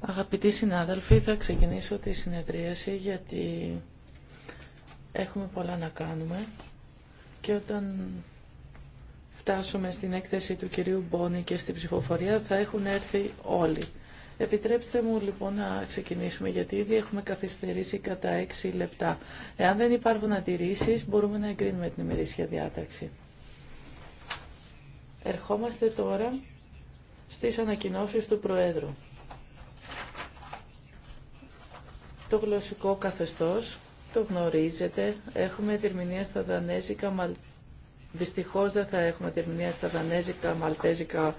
Αγαπητοί συνάδελφοι, θα ξεκινήσω τη συνεδρίαση γιατί έχουμε πολλά να κάνουμε και όταν φτάσουμε στην έκθεση του κυρίου Μπόνη και στην ψηφοφορία θα έχουν έρθει όλοι. Επιτρέψτε μου λοιπόν να ξεκινήσουμε γιατί ήδη έχουμε καθυστερήσει κατά 6 λεπτά. Εάν δεν υπάρχουν αντιρρήσεις μπορούμε να εγκρίνουμε την ημερήσια διάταξη. Ερχόμαστε τώρα στις ανακοινώσεις του Προέδρου. Το γλωσσικό καθεστώς το γνωρίζετε. Έχουμε τερμηνία στα δανέζικα, θα έχουμε τερμηνία στα δανέζικα, μαλτέζικα,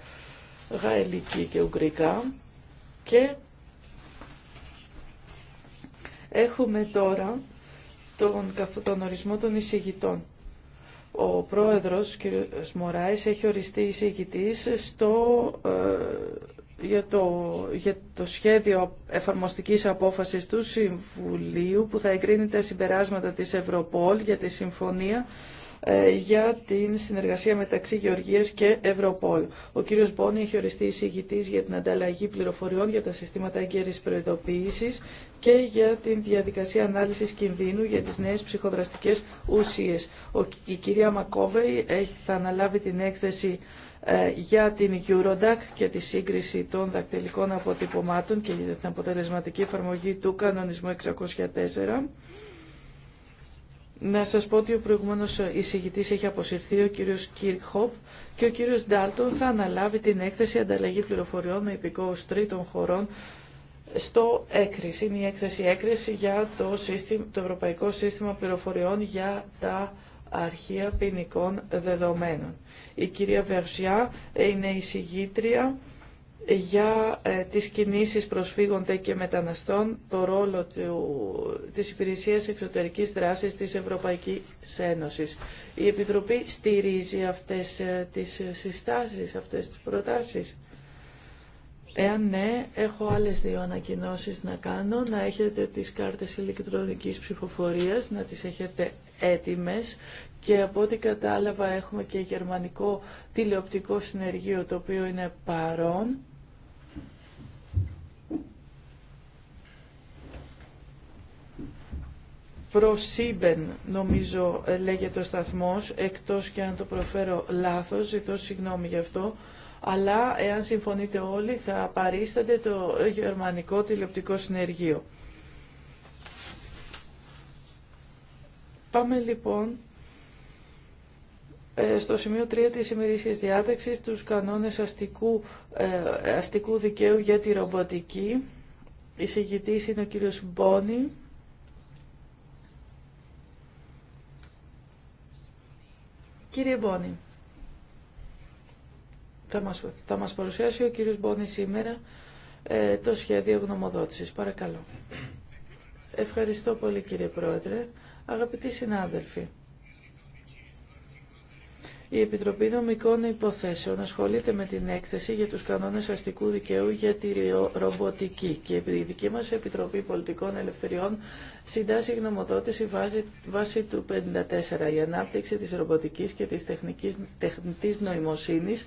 γαελική και ουγγρικά. Και έχουμε τώρα τον, τον ορισμό των εισηγητών. Ο πρόεδρος, κ. Μωράης, έχει οριστεί εισηγητής στο, ε, για, το, για το σχέδιο εφαρμοστικής απόφασης του Συμβουλίου που θα εγκρίνει τα συμπεράσματα της Ευρωπόλ για τη συμφωνία ε, για την συνεργασία μεταξύ Γεωργίας και Ευρωπόλ. Ο κύριος Μπόνι έχει οριστεί εισηγητής για την ανταλλαγή πληροφοριών για τα συστήματα εγκαίρης προειδοποίησης και για την διαδικασία ανάλυσης κινδύνου για τις νέες ψυχοδραστικές ουσίες. η κυρία Μακόβεϊ θα αναλάβει την έκθεση ε, για την Eurodac και τη σύγκριση των δακτυλικών αποτυπωμάτων και την αποτελεσματική εφαρμογή του κανονισμού 604. Να σας πω ότι ο προηγούμενος εισηγητής έχει αποσυρθεί, ο κύριος Χοπ και ο κύριος Ντάλτον θα αναλάβει την έκθεση ανταλλαγή πληροφοριών με υπηκόους τρίτων χωρών στο έκρηση. Είναι η έκθεση έκρηση για το, σύστημα, το Ευρωπαϊκό Σύστημα Πληροφοριών για τα αρχεία ποινικών δεδομένων. Η κυρία Βερσιά είναι η για ε, τις κινήσεις προσφύγονται και μεταναστών, το ρόλο του, της Υπηρεσίας Εξωτερικής Δράσης της Ευρωπαϊκής Ένωσης. Η Επιτροπή στηρίζει αυτές ε, τις συστάσεις, αυτές τις προτάσεις. Εάν ναι, έχω άλλες δύο ανακοινώσεις να κάνω, να έχετε τις κάρτες ηλεκτρονικής ψηφοφορίας, να τις έχετε έτοιμες και από ό,τι κατάλαβα έχουμε και γερμανικό τηλεοπτικό συνεργείο το οποίο είναι παρόν. Προσύμπεν, νομίζω ε, λέγεται ο σταθμός, εκτός και αν το προφέρω λάθος, ζητώ συγγνώμη γι' αυτό, αλλά εάν συμφωνείτε όλοι θα παρίσταται το γερμανικό τηλεοπτικό συνεργείο. Πάμε λοιπόν ε, στο σημείο 3 της ημερήσιας διάταξης τους κανόνες αστικού, ε, αστικού δικαίου για τη ρομποτική. Η είναι ο κύριος Μπόνι. Κύριε Μπόνη, θα μας, θα μας παρουσιάσει ο κύριος Μπόνη σήμερα ε, το σχέδιο γνωμοδότησης. Παρακαλώ. Ευχαριστώ πολύ κύριε Πρόεδρε. Αγαπητοί συνάδελφοι η Επιτροπή Νομικών Υποθέσεων ασχολείται με την έκθεση για τους κανόνες αστικού δικαίου για τη ρομποτική και η δική μας Επιτροπή Πολιτικών Ελευθεριών συντάσσει γνωμοδότηση βάση, βάση του 54. Η ανάπτυξη της ρομποτικής και της τεχνικής, τεχνητής νοημοσύνης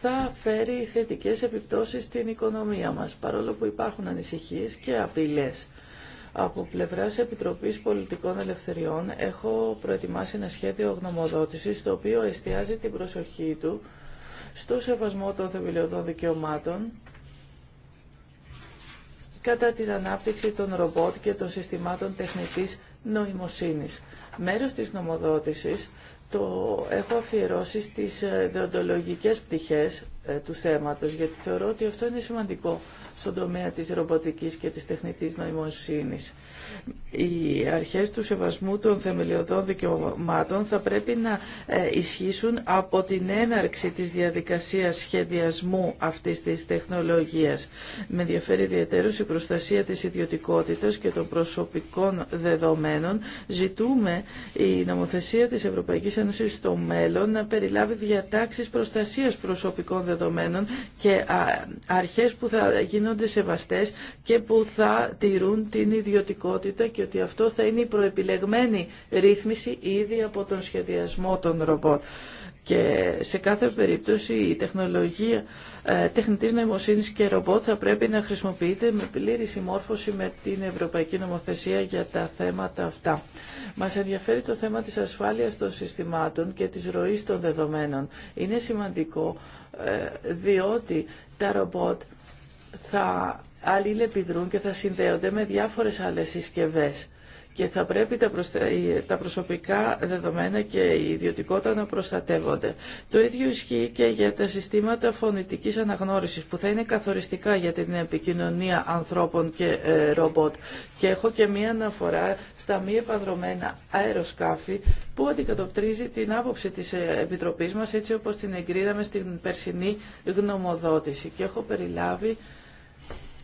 θα φέρει θετικές επιπτώσεις στην οικονομία μας, παρόλο που υπάρχουν ανησυχίες και απειλές. Από πλευράς Επιτροπής Πολιτικών Ελευθεριών έχω προετοιμάσει ένα σχέδιο γνωμοδότησης το οποίο εστιάζει την προσοχή του στο σεβασμό των θεμελιωδών δικαιωμάτων κατά την ανάπτυξη των ρομπότ και των συστημάτων τεχνητής νοημοσύνης. Μέρος της νομοδότησης το έχω αφιερώσει στις δεοντολογικές πτυχές ε, του θέματος, γιατί θεωρώ ότι αυτό είναι σημαντικό στον τομέα της ρομποτικής και της τεχνητής νοημοσύνης. Οι αρχές του σεβασμού των θεμελιωδών δικαιωμάτων θα πρέπει να ε, ισχύσουν από την έναρξη της διαδικασίας σχεδιασμού αυτής της τεχνολογίας. Με ενδιαφέρει ιδιαίτερως η προστασία της ιδιωτικότητας και των προσωπικών δεδομένων. Ζητούμε η νομοθεσία της Ευρωπαϊκής Ένωσης στο μέλλον να περιλάβει διατάξεις προστασίας προσωπικών δεδομένων και αρχές που θα γίνουν γίνονται σεβαστές και που θα τηρούν την ιδιωτικότητα και ότι αυτό θα είναι η προεπιλεγμένη ρύθμιση ήδη από τον σχεδιασμό των ρομπότ. Και σε κάθε περίπτωση η τεχνολογία ε, τεχνητής νοημοσύνης και ρομπότ θα πρέπει να χρησιμοποιείται με πλήρη συμμόρφωση με την Ευρωπαϊκή Νομοθεσία για τα θέματα αυτά. Μας ενδιαφέρει το θέμα της ασφάλειας των συστημάτων και της ροής των δεδομένων. Είναι σημαντικό ε, διότι τα ρομπότ θα αλληλεπιδρούν και θα συνδέονται με διάφορες άλλες συσκευέ. και θα πρέπει τα, προσωπικά δεδομένα και η ιδιωτικότητα να προστατεύονται. Το ίδιο ισχύει και για τα συστήματα φωνητικής αναγνώρισης που θα είναι καθοριστικά για την επικοινωνία ανθρώπων και ε, ρομπότ. Και έχω και μία αναφορά στα μη επανδρομένα αεροσκάφη που αντικατοπτρίζει την άποψη της ε, Επιτροπής μας έτσι όπως την εγκρίναμε στην περσινή γνωμοδότηση. Και έχω περιλάβει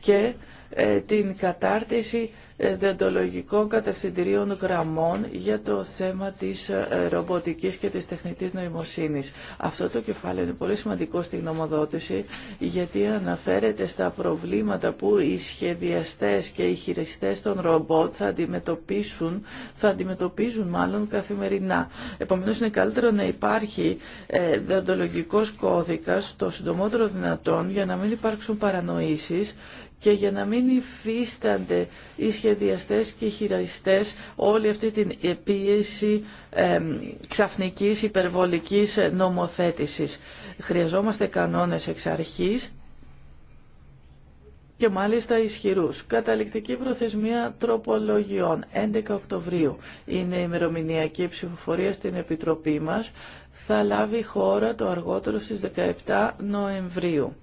και ε, την κατάρτιση δεντολογικών κατευθυντηρίων γραμμών για το θέμα της ε, ρομποτικής και της τεχνητής νοημοσύνης. Αυτό το κεφάλαιο είναι πολύ σημαντικό στη γνωμοδότηση γιατί αναφέρεται στα προβλήματα που οι σχεδιαστές και οι χειριστές των ρομπότ θα αντιμετωπίσουν, θα αντιμετωπίζουν μάλλον καθημερινά. Επομένως είναι καλύτερο να υπάρχει ε, δεντολογικός κώδικας το συντομότερο δυνατόν για να μην υπάρξουν παρανοήσεις και για να μην υφίστανται οι σχεδιαστές και οι όλη αυτή την επίεση ε, ξαφνικής υπερβολικής νομοθέτησης. Χρειαζόμαστε κανόνες εξ αρχής και μάλιστα ισχυρούς. Καταληκτική προθεσμία τροπολογιών 11 Οκτωβρίου είναι η ημερομηνιακή ψηφοφορία στην Επιτροπή μας. Θα λάβει χώρα το αργότερο στις 17 Νοεμβρίου.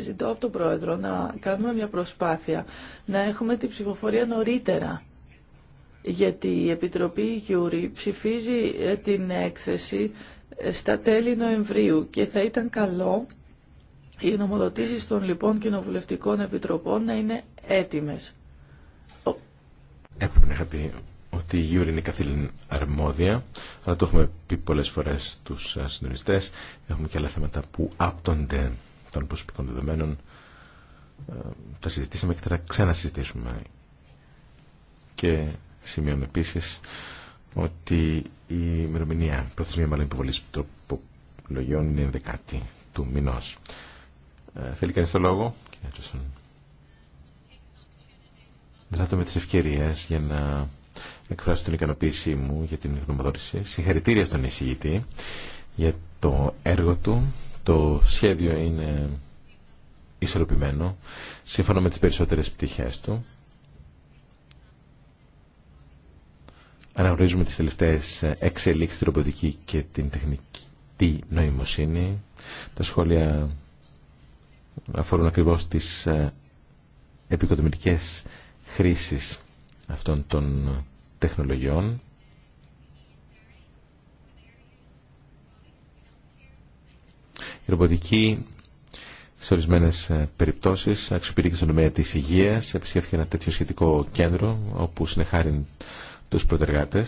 Ζητώ από τον Πρόεδρο να κάνουμε μια προσπάθεια να έχουμε την ψηφοφορία νωρίτερα γιατί η Επιτροπή Γιούρι ψηφίζει ε, την έκθεση ε, στα τέλη Νοεμβρίου και θα ήταν καλό οι νομοδοτήσεις των λοιπόν κοινοβουλευτικών επιτροπών να είναι έτοιμες. Έπρεπε να είχα πει ότι η Γιούρι είναι καθήλυν αρμόδια, αλλά το έχουμε πει πολλές φορές στους ε, συντονιστές. Έχουμε και άλλα θέματα που άπτονται των προσωπικών δεδομένων ε, τα συζητήσαμε και θα τα ξανασυζητήσουμε. Και σημειώνω επίση ότι η ημερομηνία προθεσμία υποβολής υποβολή τροπολογιών δεκάτη του μηνό. Ε, θέλει κανείς το λόγο, κύριε έτσι Δράτω με τι ευκαιρίες για να εκφράσω την ικανοποίησή μου για την γνωμοδότηση. Συγχαρητήρια στον εισηγητή για το έργο του το σχέδιο είναι ισορροπημένο, σύμφωνα με τις περισσότερες πτυχές του. Αναγνωρίζουμε τις τελευταίες εξελίξεις τη ρομποτική και την τεχνική νοημοσύνη. Τα σχόλια αφορούν ακριβώς τις ε, επικοδομητικές χρήσεις αυτών των τεχνολογιών. Η ρομποτική σε ορισμένε περιπτώσει αξιοποιείται στον τομέα τη υγεία. Επισκέφθηκε ένα τέτοιο σχετικό κέντρο όπου συνεχάριν του προτεργάτε.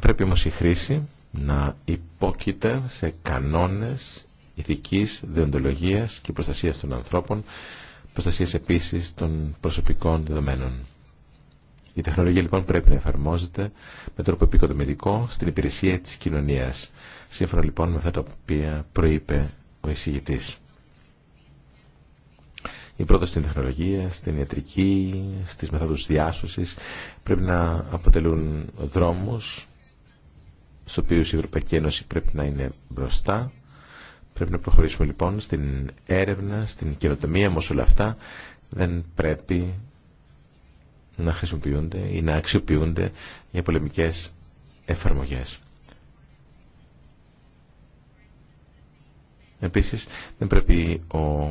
Πρέπει όμω η χρήση να υπόκειται σε κανόνε ηθική, δεοντολογία και προστασία των ανθρώπων, προστασία επίση των προσωπικών δεδομένων. Η τεχνολογία λοιπόν πρέπει να εφαρμόζεται με τρόπο επικοδομητικό στην υπηρεσία τη κοινωνία, Σύμφωνα λοιπόν με αυτά τα οποία προείπε ο εισηγητής. Η πρόταση στην τεχνολογία, στην ιατρική, στις μεθόδους διάσωση, πρέπει να αποτελούν δρόμους στους οποίους η Ευρωπαϊκή Ένωση πρέπει να είναι μπροστά. Πρέπει να προχωρήσουμε λοιπόν στην έρευνα, στην καινοτομία, όμω όλα αυτά δεν πρέπει να χρησιμοποιούνται ή να αξιοποιούνται για πολεμικές εφαρμογές. Επίσης, δεν πρέπει ο...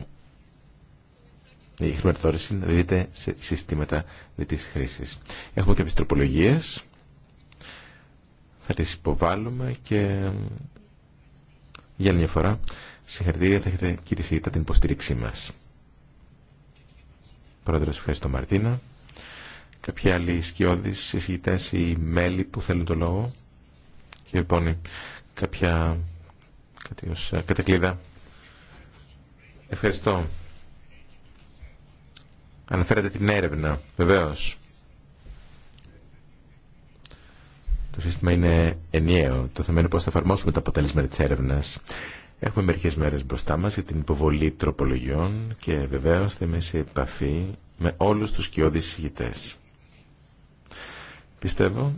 η χρηματοδότηση να δείτε σε συστήματα διτής χρήσης. Έχουμε και τροπολογίες. Θα τις υποβάλλουμε και για μια φορά συγχαρητήρια θα έχετε κύριε την υποστήριξή μας. Πρόεδρος, ευχαριστώ Μαρτίνα. Κάποιοι άλλοι σκιώδεις, συζητητές ή μέλη που θέλουν το λόγο. Και λοιπόν, κάποια κάτι ε, Ευχαριστώ. Αναφέρατε την έρευνα, βεβαίως. Το σύστημα είναι ενιαίο. Το θέμα είναι πώς θα εφαρμόσουμε τα αποτέλεσματα της έρευνας. Έχουμε μερικές μέρες μπροστά μας για την υποβολή τροπολογιών και βεβαίως θα είμαι σε επαφή με όλους τους κοιόδης συγητές. Πιστεύω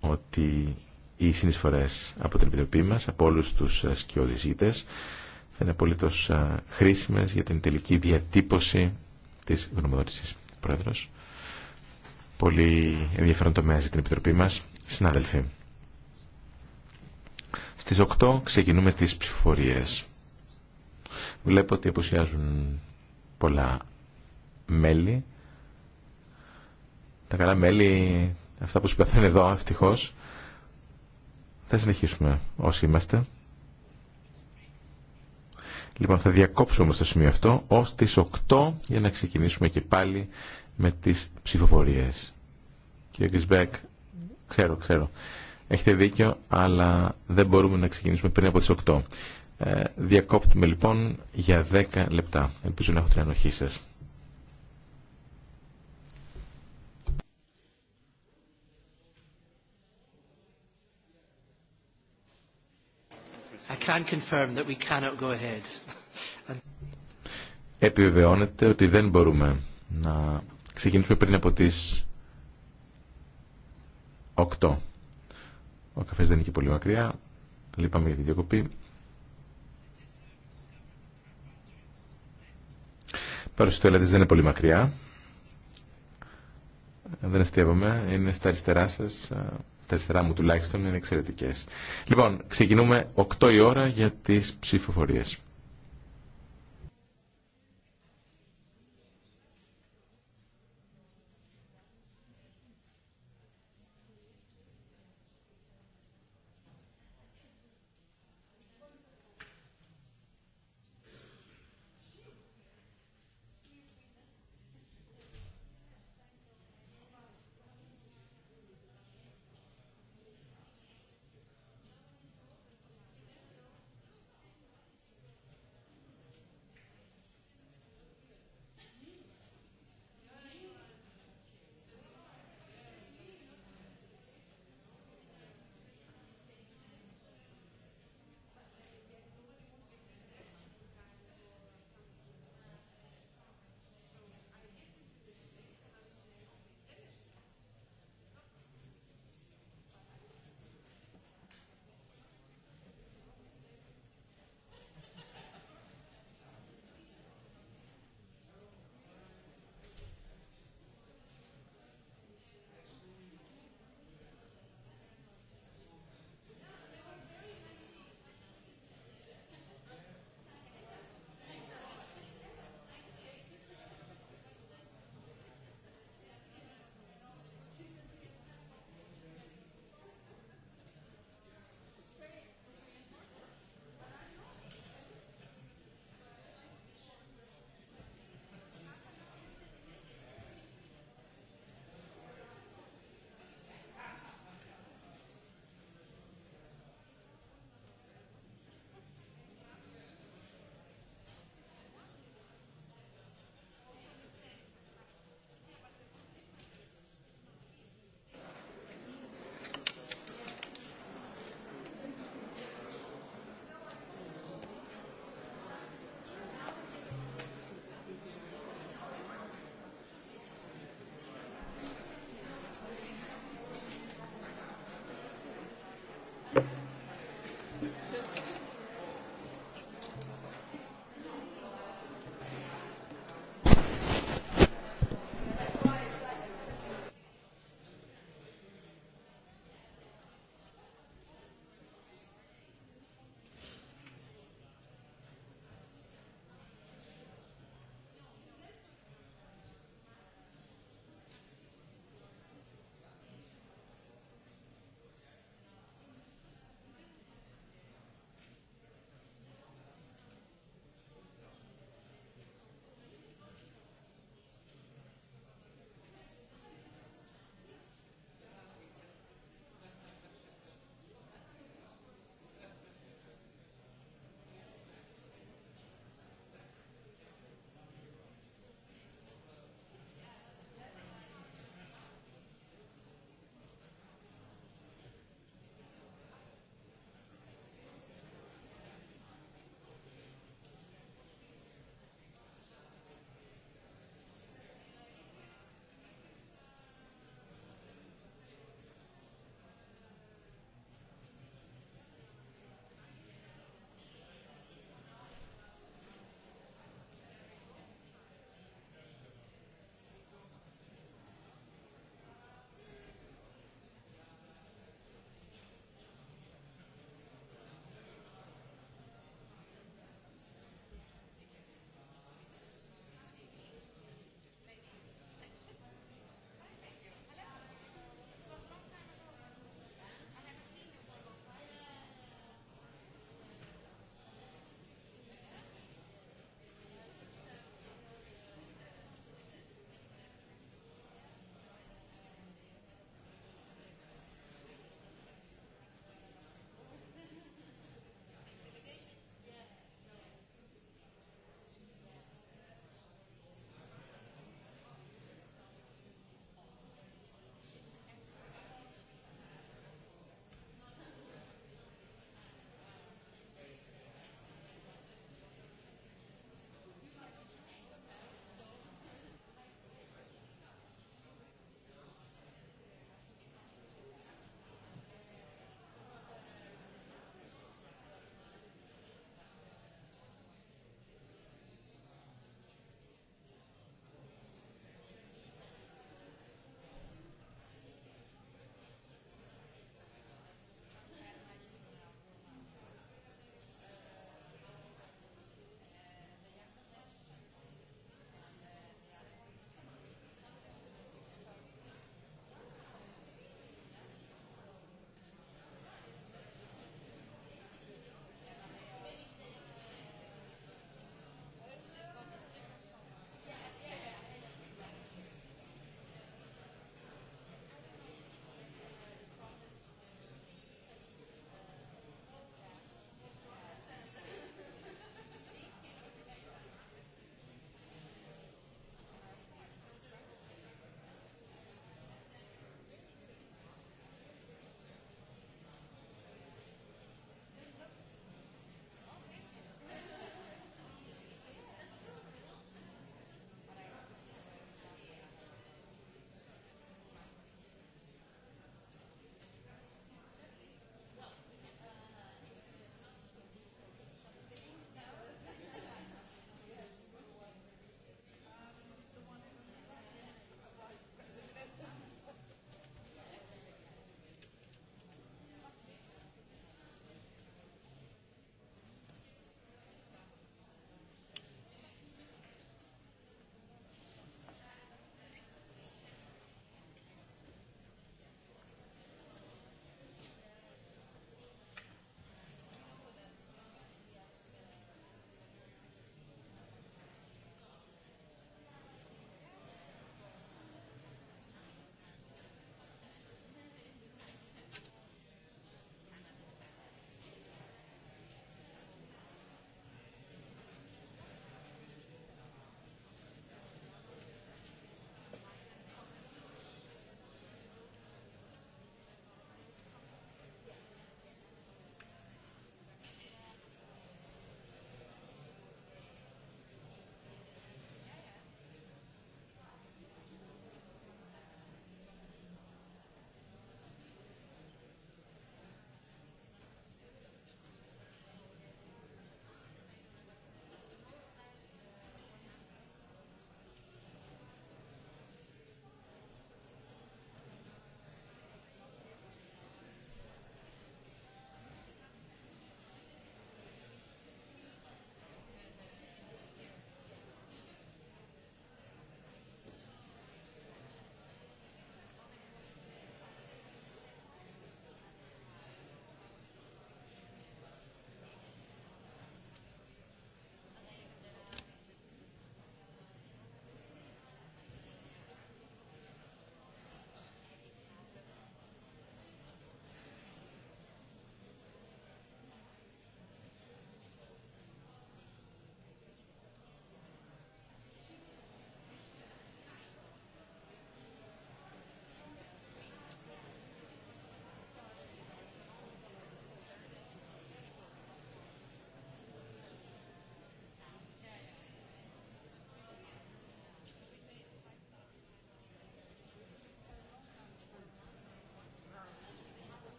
ότι οι συνεισφορές από την Επιτροπή μας, από όλους τους ε, σκιωδησίτες, θα είναι απολύτως ε, χρήσιμες για την τελική διατύπωση της γνωμοδότησης. Πρόεδρος, πολύ ενδιαφέρον τομέα για την Επιτροπή μας. Συνάδελφοι, στις 8 ξεκινούμε τις ψηφοφορίες. Βλέπω ότι αποσιάζουν πολλά μέλη τα καλά μέλη, αυτά που συμπαθούν εδώ, ευτυχώ. Θα συνεχίσουμε όσοι είμαστε. Λοιπόν, θα διακόψουμε στο σημείο αυτό ως τις 8 για να ξεκινήσουμε και πάλι με τις ψηφοφορίες. Κύριε Γκρισμπέκ, ξέρω, ξέρω, έχετε δίκιο, αλλά δεν μπορούμε να ξεκινήσουμε πριν από τις 8. Ε, διακόπτουμε λοιπόν για 10 λεπτά. Ελπίζω να έχω την ανοχή σας. can confirm that we cannot go ahead. Επιβεβαιώνεται ότι δεν μπορούμε να ξεκινήσουμε πριν από τις 8. Ο καφές δεν είναι και πολύ μακριά. Λείπαμε για τη διακοπή. Παρουσία του δεν είναι πολύ μακριά. Δεν αστείευομαι. Είναι στα αριστερά σας τα αριστερά μου τουλάχιστον είναι εξαιρετικές. Λοιπόν, ξεκινούμε 8 η ώρα για τις ψηφοφορίες.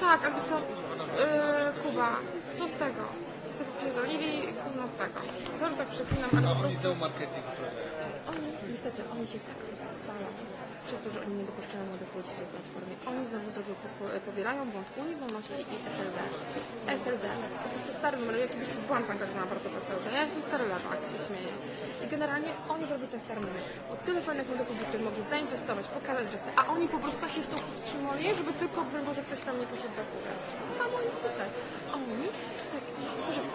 tak, ale to, yy, Kuba. Co z tego? Co popierdolili gówno z tego. Sorry, tak przeklinam, ale po prostu... Oni są marketing trochę. Oni, niestety, oni się tak rozstrzelają przez to, że oni nie dopuszczają młodych ludzi do platformy. Oni znowu zrobią, powielają błąd Unii Wolności i SLD. SLD. Po prostu stary numer, ja kiedyś błąd zaangażowana bardzo w SLD. Ja jestem stary jak się śmieję. I generalnie oni zrobią ten stary numer. Bo tyle fajnych młodych ludzi, którzy mogli zainwestować, pokazać, że chce. A oni po prostu tak się z tą powstrzymali, żeby tylko, może ktoś tam nie poszedł do góry. To samo jest tutaj. Oni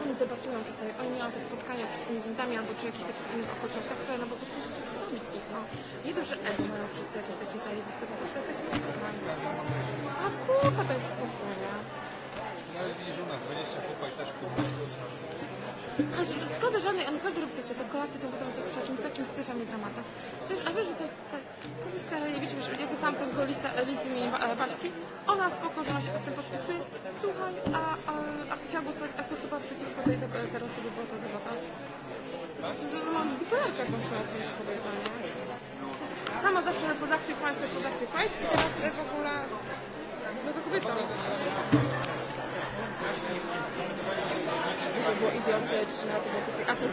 nie debatują tutaj, oni mają te spotkania przed tymi windami albo przy jakichś takich innych okolicznościach, które no bo po prostu zrobić ich, no. Nie to, że ego mają wszyscy jakieś takie zajebiste, po prostu jakaś normalna. A kurwa to jest kurwa, nie? No i widzisz u nas 20 chłopak też kurwa. Szkoda żadnej, on każdy robi coś te kolacje, to potem się przy jakimś takim syfem i dramatem. Wiesz, a wiesz, że to jest Starajewicz, wiesz, jak sam tego lista listy mi Baśki, ona spoko, że ona się pod tym podpisuje, słuchaj, a, a, a chciała głosować, a głosowała przeciwko tej teraz sobie była to. debata. Mam bipolarkę jakąś pracę z kobietą, nie? Sama zawsze reproductive rights, reproductive rights i teraz jest w ogóle, no to kobieta to było idiotyczne, to było a to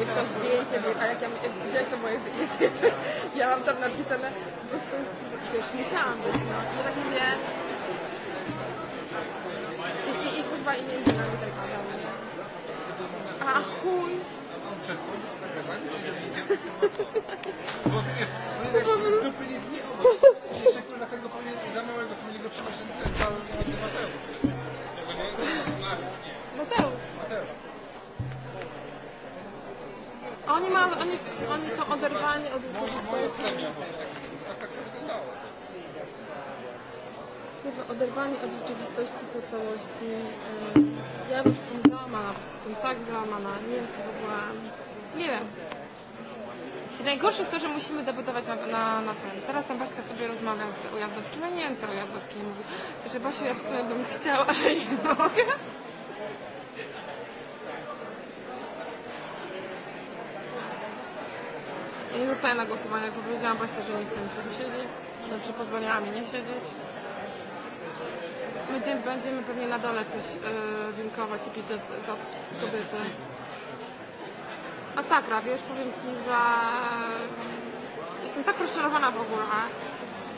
jest to zdjęcie, a jak ja to moje zdjęcie, ja mam tam napisane, po prostu, wiesz, musiałam być, no. I tak i, kurwa, i między nami ten Adam, mnie. A chuj! To oni, ma, oni, oni są oderwani od rzeczywistości. Oderwani od rzeczywistości po całości. Ja bym jestem załamana, po prostu jestem tak załamana. Nie wiem, co w ogóle... Nie wiem. I najgorsze jest to, że musimy debatować na, na, na ten. Teraz tam Baśka sobie rozmawia z Ujazdowskim, ja nie wiem, co Ujazdowski mówi. Że Basiu, ja w sumie bym chciała, ale nie mogę. Ja nie zostaję na głosowanie, jak powiedziałam Państwu, że nie chcę tutaj siedzieć, że przy pozwoleniami nie siedzieć. Będziemy, będziemy pewnie na dole coś yy, i pić do, kobiety. Masakra, wiesz, powiem Ci, że jestem tak rozczarowana w ogóle.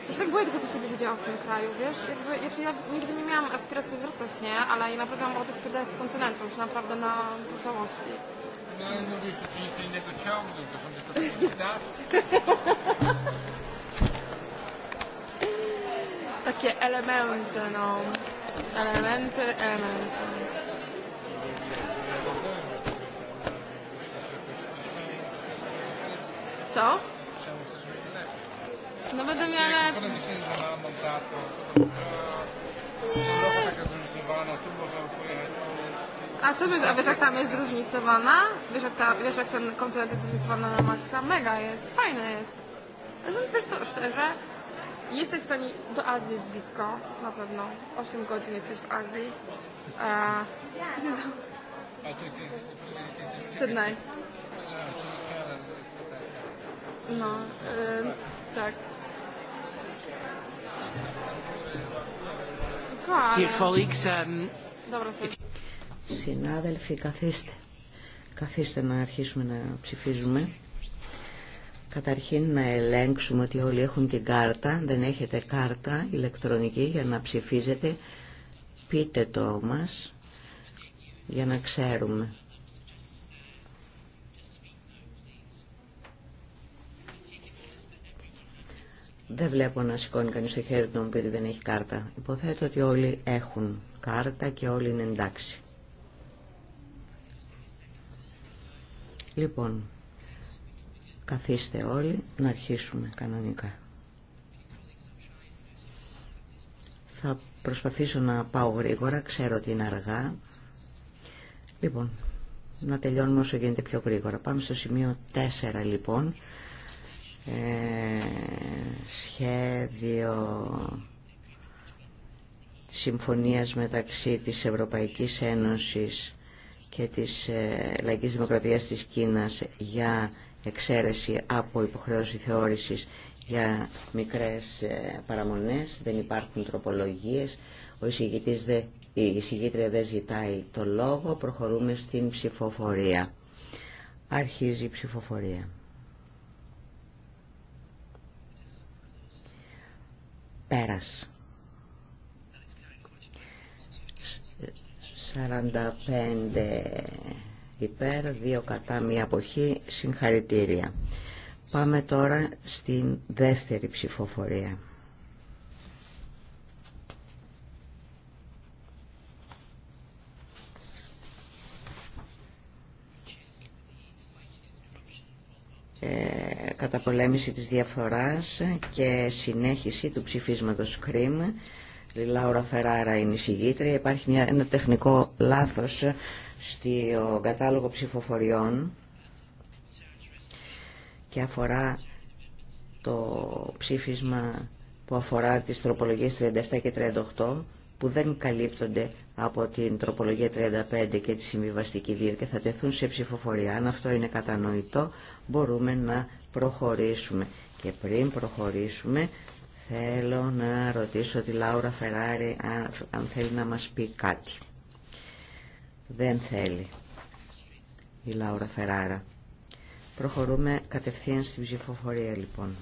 Ja się tak boję tego, co się będzie działo w tym kraju, wiesz? Jakby, ja nigdy nie miałam aspiracji wracać, nie? Ale i naprawdę mam ochotę sprzedać z kontynentu, już naprawdę na całości. Takie element, no. Element, element. Co? No A co wiesz, a wiesz jak tam jest zróżnicowana? Wiesz jak, ten koncert jest zróżnicowany na maksa? Mega jest, fajne jest. Wiesz co, szczerze, jesteś w stanie do Azji blisko, na pewno. 8 godzin jesteś w Azji. Sydney. No, tak. Dear colleagues, Dobra, sobie. Συνάδελφοι, καθίστε. Καθίστε να αρχίσουμε να ψηφίζουμε. Καταρχήν να ελέγξουμε ότι όλοι έχουν την κάρτα. Δεν έχετε κάρτα ηλεκτρονική για να ψηφίζετε. Πείτε το μας για να ξέρουμε. Δεν βλέπω να σηκώνει κανεί το χέρι του δεν έχει κάρτα. Υποθέτω ότι όλοι έχουν κάρτα και όλοι είναι εντάξει. Λοιπόν, καθίστε όλοι να αρχίσουμε κανονικά. Θα προσπαθήσω να πάω γρήγορα, ξέρω ότι είναι αργά. Λοιπόν, να τελειώνουμε όσο γίνεται πιο γρήγορα. Πάμε στο σημείο 4 λοιπόν. Ε, σχέδιο συμφωνίας μεταξύ της Ευρωπαϊκής Ένωσης και της ε, Λαϊκής Δημοκρατίας της Κίνας για εξαίρεση από υποχρέωση θεώρησης για μικρές ε, παραμονές. Δεν υπάρχουν τροπολογίες. Ο εισηγητής η εισηγήτρια δεν ζητάει το λόγο. Προχωρούμε στην ψηφοφορία. Αρχίζει η ψηφοφορία. Πέρας. 45 υπέρ, 2 κατά μία αποχή, συγχαρητήρια. Πάμε τώρα στην δεύτερη ψηφοφορία. Ε, καταπολέμηση της διαφθοράς και συνέχιση του ψηφίσματος κρίμα. Η Λάουρα Φεράρα είναι η συγγήτρια. Υπάρχει μια, ένα τεχνικό λάθος στο κατάλογο ψηφοφοριών και αφορά το ψήφισμα που αφορά τις τροπολογίες 37 και 38 που δεν καλύπτονται από την τροπολογία 35 και τη συμβιβαστική 2 και θα τεθούν σε ψηφοφορία. Αν αυτό είναι κατανοητό μπορούμε να προχωρήσουμε. Και πριν προχωρήσουμε Θέλω να ρωτήσω τη Λάουρα Φεράρη αν θέλει να μας πει κάτι. Δεν θέλει η Λάουρα Φεράρα. Προχωρούμε κατευθείαν στην ψηφοφορία λοιπόν.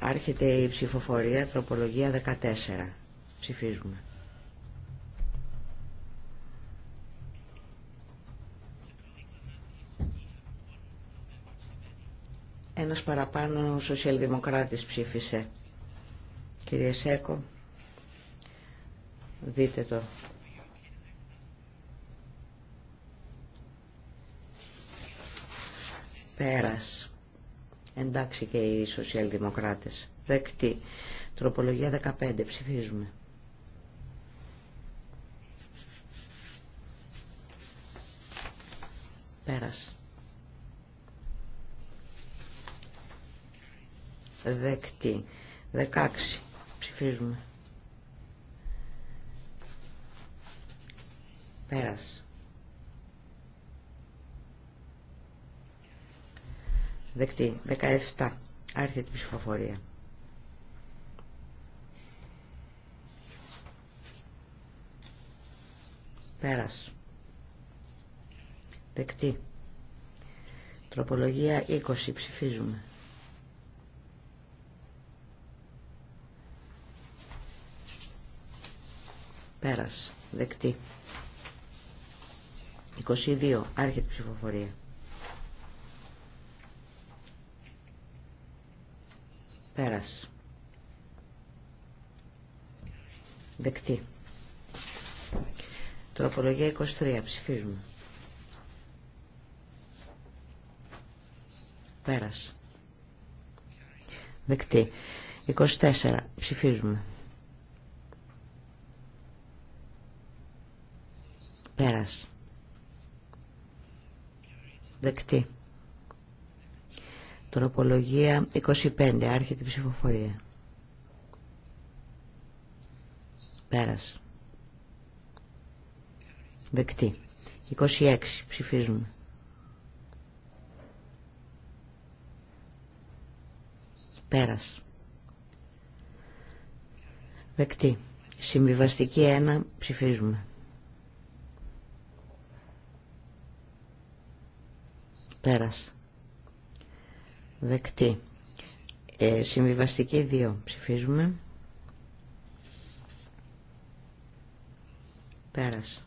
Άρχεται η ψηφοφορία τροπολογία 14. Ψηφίζουμε. Ένας παραπάνω σοσιαλδημοκράτης ψήφισε. Κύριε Σέκο, δείτε το. Πέρας. Εντάξει και οι σοσιαλδημοκράτες. Δεκτή. Τροπολογία 15. Ψηφίζουμε. Πέρας. δεκτή. 16 ψηφίζουμε. Πέρας. Δεκτή. 17. Άρχεται η ψηφοφορία. Πέρας. Δεκτή. Τροπολογία 20. Ψηφίζουμε. Πέρας. Δεκτή. 22. Άρχεται ψηφοφορία. Πέρας. Δεκτή. Τροπολογία 23. Ψηφίζουμε. Πέρας. Δεκτή. 24. Ψηφίζουμε. Πέρας. Δεκτή. Τροπολογία 25. Άρχεται η ψηφοφορία. Πέρας. Δεκτή. 26. Ψηφίζουμε. Πέρας. Δεκτή. Συμβιβαστική 1. Ψηφίζουμε. Πέρας. Δεκτή. Ε, συμβιβαστική 2. Ψηφίζουμε. Πέρας.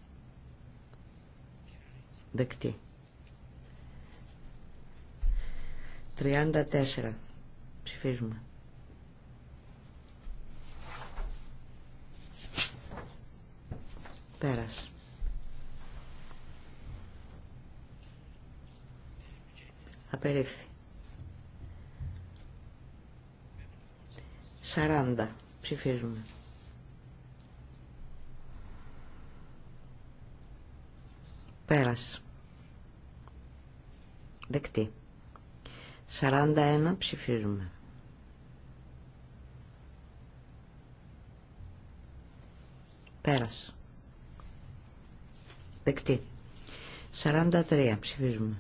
Δεκτή. 34. Ψηφίζουμε. Πέρας. Απερίφθη. 40. Ψηφίζουμε. Πέρας. Δεκτή. 41. Ψηφίζουμε. Πέρας. Δεκτή. 43. Ψηφίζουμε.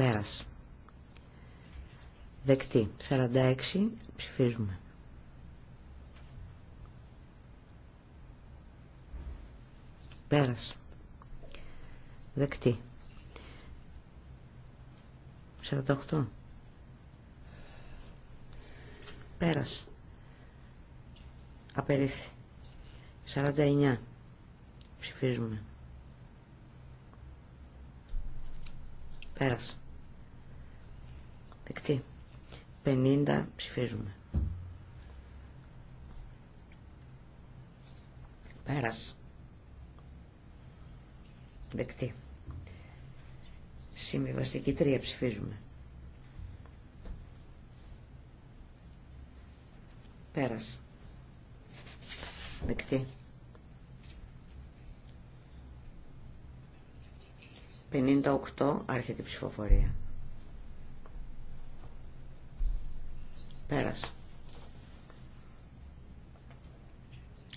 Πέρας. Δεκτή. 46. Ψηφίζουμε. Πέρας. Δεκτή. 48. Πέρας. Απερίφθη. 49. Ψηφίζουμε. Πέρασε. Δεκτή. 50 ψηφίζουμε. Πέρας. Δεκτή. Συμβιβαστική 3 ψηφίζουμε. Πέρας. Δεκτή. 58 άρχεται η ψηφοφορία. Πέρασε.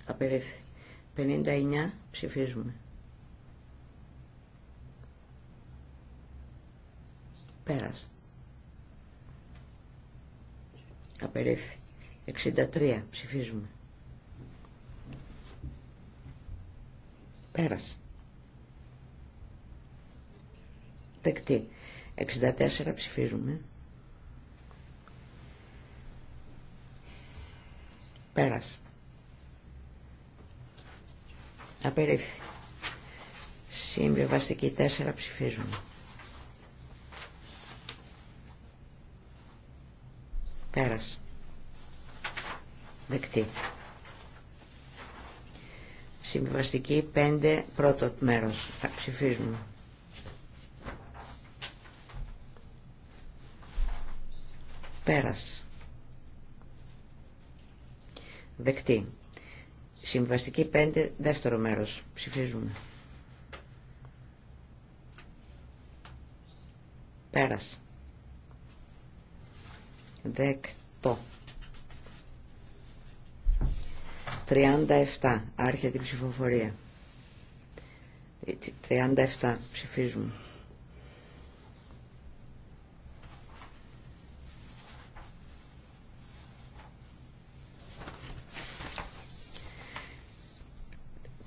Απερίφθη. 59 ψηφίζουμε. Πέρασε. Απερίφθη. 63 ψηφίζουμε. Πέρασε. Δεκτή. 64 ψηφίζουμε. Πέρας. Απερίφθη. Συμβιβαστική 4 ψηφίζουμε. Πέρας. Δεκτή. Συμβιβαστική 5 πρώτο μέρος. θα ψηφίζουμε. Πέρας. Δεκτή. Συμβαστική 5, δεύτερο μέρος. Ψηφίζουμε. Πέρας. Δεκτό. 37. Άρχεται η ψηφοφορία. 37. Ψηφίζουμε.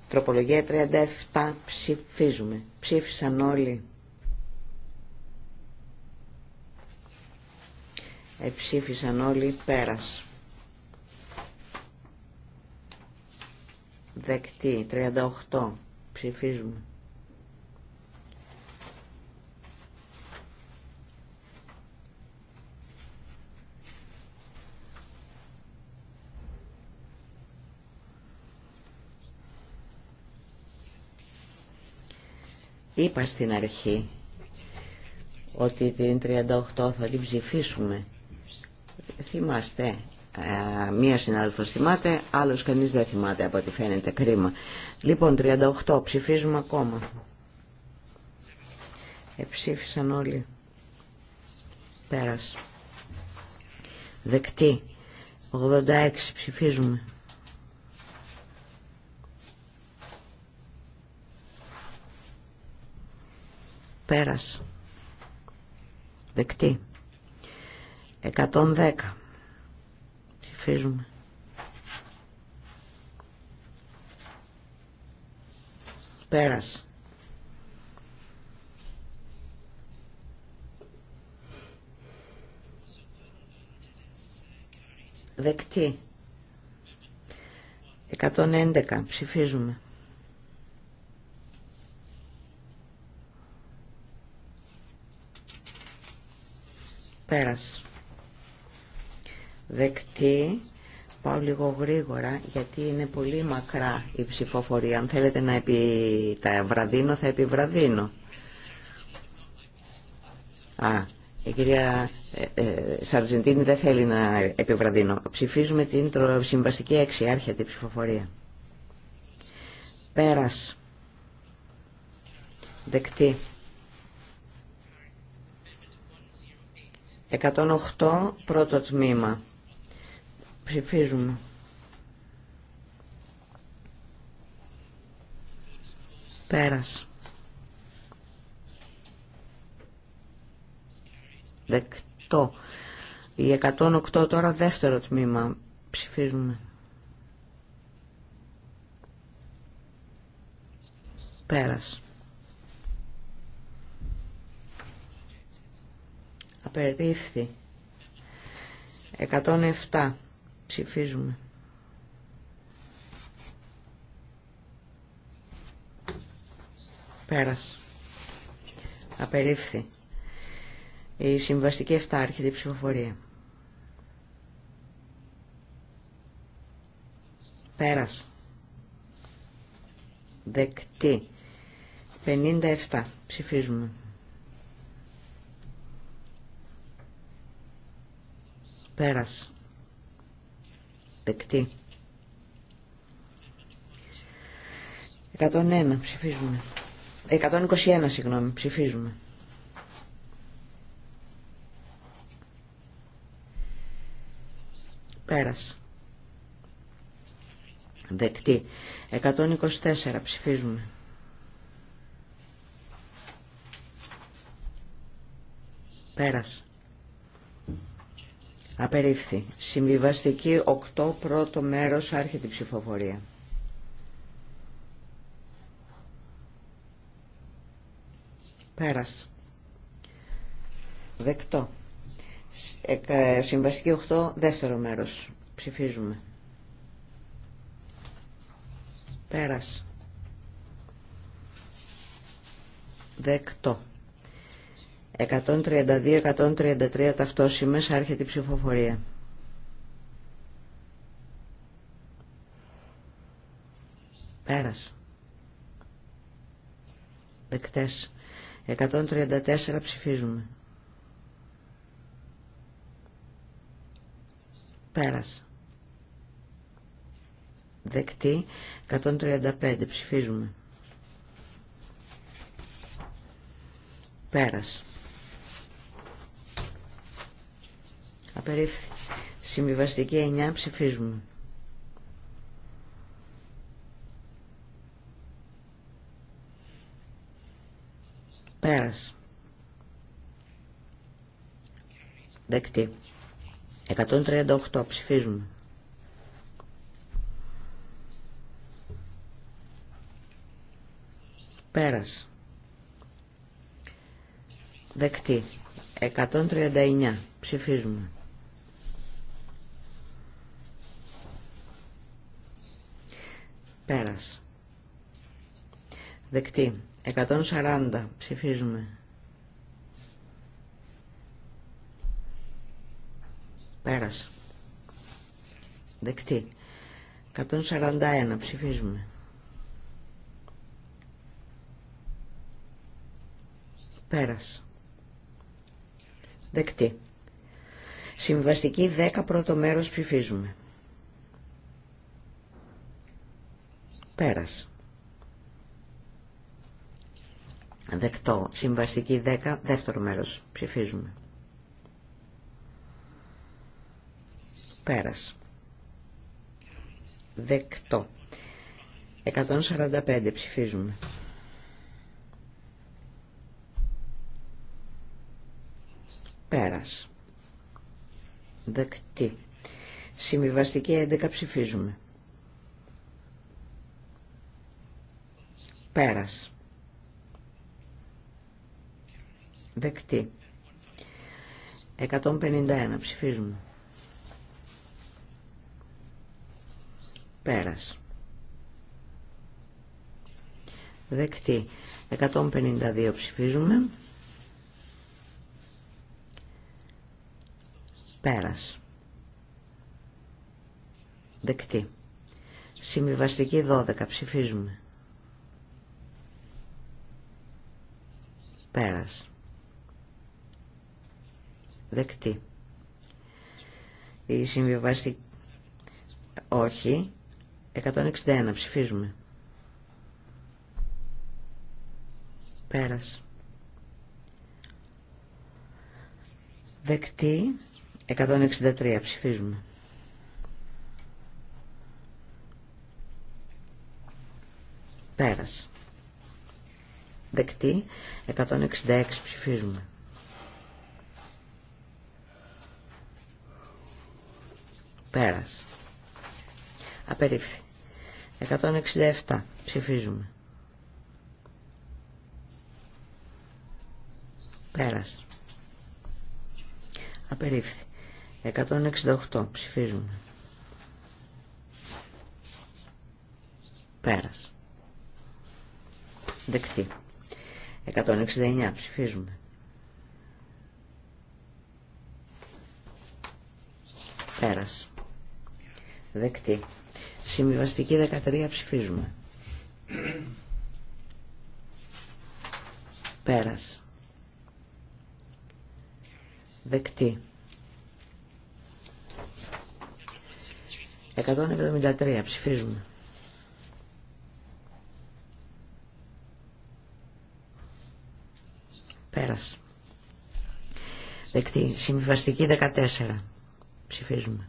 Τροπολογία 37 ψηφίζουμε. Ψήφισαν όλοι. Εψήφισαν όλοι πέρας. Δεκτή 38 ψηφίζουμε. Είπα στην αρχή ότι την 38 θα την ψηφίσουμε. Θυμάστε, μία συνάδελφος θυμάται, άλλος κανείς δεν θυμάται από ό,τι φαίνεται κρίμα. Λοιπόν, 38, ψηφίζουμε ακόμα. Εψήφισαν όλοι. Πέρας. Δεκτή. 86 ψηφίζουμε. πέρας δεκτή 110 ψηφίζουμε πέρας δεκτή 111 ψηφίζουμε Πέρας. Δεκτή. Πάω λίγο γρήγορα γιατί είναι πολύ μακρά η ψηφοφορία. Αν θέλετε να επι... τα βραδίνω θα επιβραδίνω. Α, η κυρία ε, ε δεν θέλει να επιβραδίνω. Ψηφίζουμε την συμβαστική έξι άρχεται η ψηφοφορία. Πέρας. Δεκτή. 108 πρώτο τμήμα. Ψηφίζουμε. Πέρας. Δεκτό. Η 108 τώρα δεύτερο τμήμα. Ψηφίζουμε. Πέρας. Απερίφθη. 107. Ψηφίζουμε. Πέρας. Απερίφθη. Η συμβαστική 7 άρχεται ψηφοφορία. Πέρας. Δεκτή. 57. Ψηφίζουμε. Πέρας. Δεκτή. 101 ψηφίζουμε. 121 συγγνώμη ψηφίζουμε. Πέρας. Δεκτή. 124 ψηφίζουμε. Πέρας. Απερίφθη. Συμβιβαστική 8 πρώτο μέρος άρχεται η ψηφοφορία. Πέρας. Δεκτό. Ε, συμβαστική 8 δεύτερο μέρος. Ψηφίζουμε. Πέρας. Δεκτό. 132-133 ταυτόσημες άρχεται η ψηφοφορία. Πέρασε. Δεκτές. 134 ψηφίζουμε. Πέρασε. Δεκτή. 135 ψηφίζουμε. Πέρας. Απερίφθη. Συμβιβαστική 9 ψηφίζουμε. Πέρας. Δεκτή. 138 ψηφίζουμε. Πέρας. Δεκτή. 139 ψηφίζουμε. Πέρας. Δεκτή. 140. Ψηφίζουμε. Πέρας. Δεκτή. 141. Ψηφίζουμε. Πέρας. Δεκτή. Συμβαστική 10 πρώτο μέρος ψηφίζουμε. Πέρας. Δεκτό. Συμβαστική 10, δεύτερο μέρος. Ψηφίζουμε. Πέρας. Δεκτό. 145 ψηφίζουμε. Πέρας. Δεκτή. Συμβιβαστική 11 ψηφίζουμε. Πέρας. Δεκτή. 151. Ψηφίζουμε. Πέρας. Δεκτή. 152. Ψηφίζουμε. Πέρας. Δεκτή. Συμβιβαστική 12. Ψηφίζουμε. Πέρας. Δεκτή. Η συμβιβαστική... Όχι. 161. Ψηφίζουμε. Πέρας. Δεκτή. 163. Ψηφίζουμε. Πέρας δεκτή 166 ψηφίζουμε πέρας απερίφθη 167 ψηφίζουμε πέρας απερίφθη 168 ψηφίζουμε πέρας δεκτή 169 ψηφίζουμε. Πέρας. Δεκτή. Συμβιβαστική 13 ψηφίζουμε. Πέρας. Δεκτή. 173 ψηφίζουμε. Πέρας. Δεκτή. Συμβιβαστική 14. Ψηφίζουμε.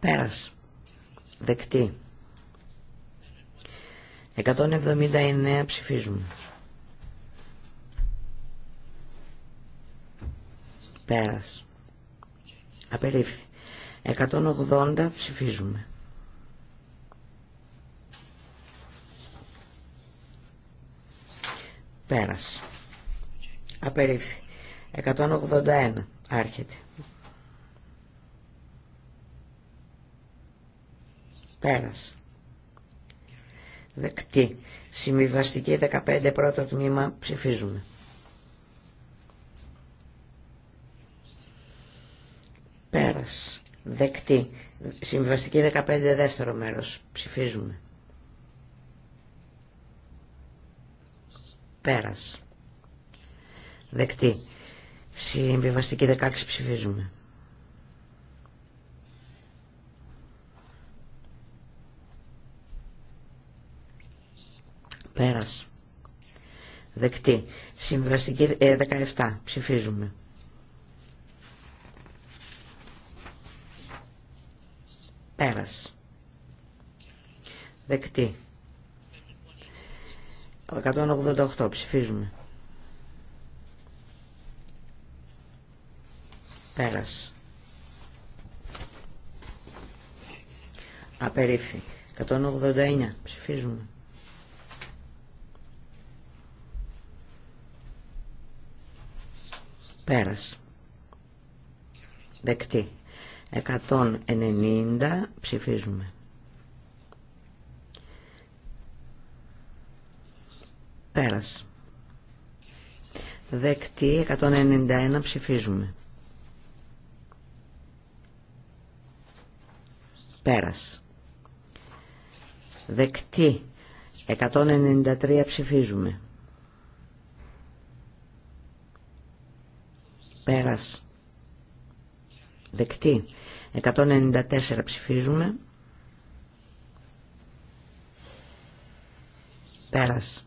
Πέρας. Δεκτή. 179 ψηφίζουμε. Πέρας. Απερίφθη. 180 ψηφίζουμε. Πέρασε. Απερίφθη. 181. Άρχεται. Πέρας. Δεκτή. Συμβιβαστική 15 πρώτο τμήμα ψηφίζουμε. Πέρας. Δεκτή. Συμβιβαστική 15 δεύτερο μέρος ψηφίζουμε. Πέρας. Δεκτή. Συμβιβαστική 16 ψηφίζουμε. Πέρας. Δεκτή. Συμβιβαστική 17 ε, ψηφίζουμε. Πέρας. Δεκτή. 188 ψηφίζουμε. Πέρας. Απερίφθη. 189 ψηφίζουμε. Πέρας. Δεκτή. 190 ψηφίζουμε. Πέρας. Δεκτή 191 ψηφίζουμε. Πέρας. Δεκτή 193 ψηφίζουμε. Πέρας. Δεκτή 194 ψηφίζουμε. Πέρας.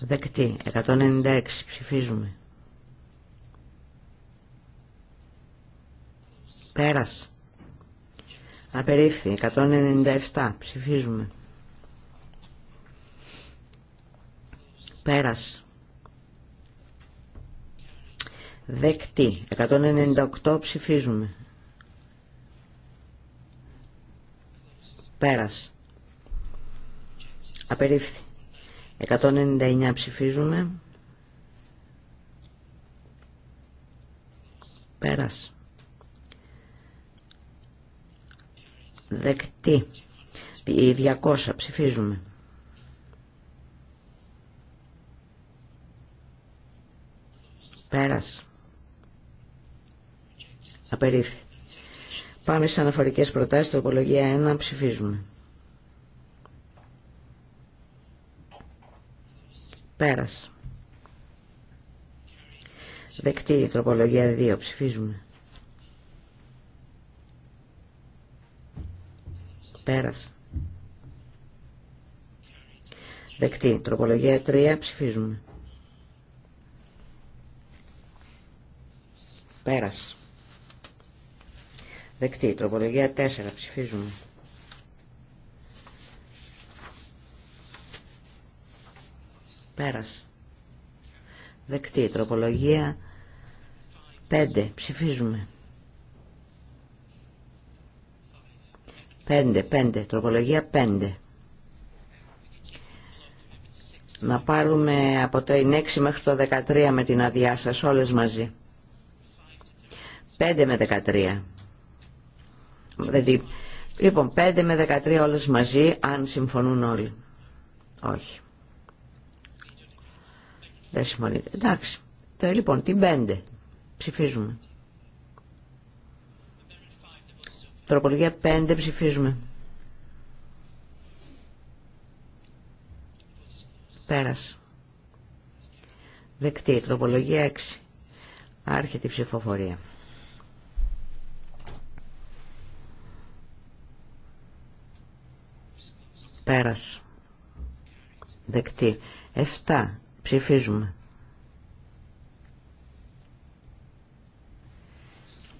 Δεκτή. 196. Ψηφίζουμε. Πέρας. Απερίφθη. 197. Ψηφίζουμε. Πέρας. Δεκτή. 198. Ψηφίζουμε. Πέρας. Απερίφθη. 199 ψηφίζουμε. Πέρας. Δεκτή. Η 200 ψηφίζουμε. Πέρας. Απερίφθη. Πάμε στις αναφορικές προτάσεις, τροπολογία 1, ψηφίζουμε. Πέρας. Δεκτή η τροπολογία 2. Ψηφίζουμε. Πέρας. Δεκτή. Τροπολογία 3. Ψηφίζουμε. Πέρας. Δεκτή. Τροπολογία 4. Ψηφίζουμε. Πέρας. Δεκτή. Τροπολογία 5. Ψηφίζουμε. 5. 5. Τροπολογία 5. Να πάρουμε από το 6 μέχρι το 13 με την αδειά σας όλες μαζί. 5 με 13. Δηλαδή, λοιπόν, 5 με 13 όλες μαζί, αν συμφωνούν όλοι. Όχι. Δεν συμφωνείτε. Εντάξει. λοιπόν, την 5. Ψηφίζουμε. Τροπολογία 5 ψηφίζουμε. Πέρας. Δεκτή. Τροπολογία 6. Άρχεται η ψηφοφορία. Πέρας. Δεκτή. 7. Ψηφίζουμε.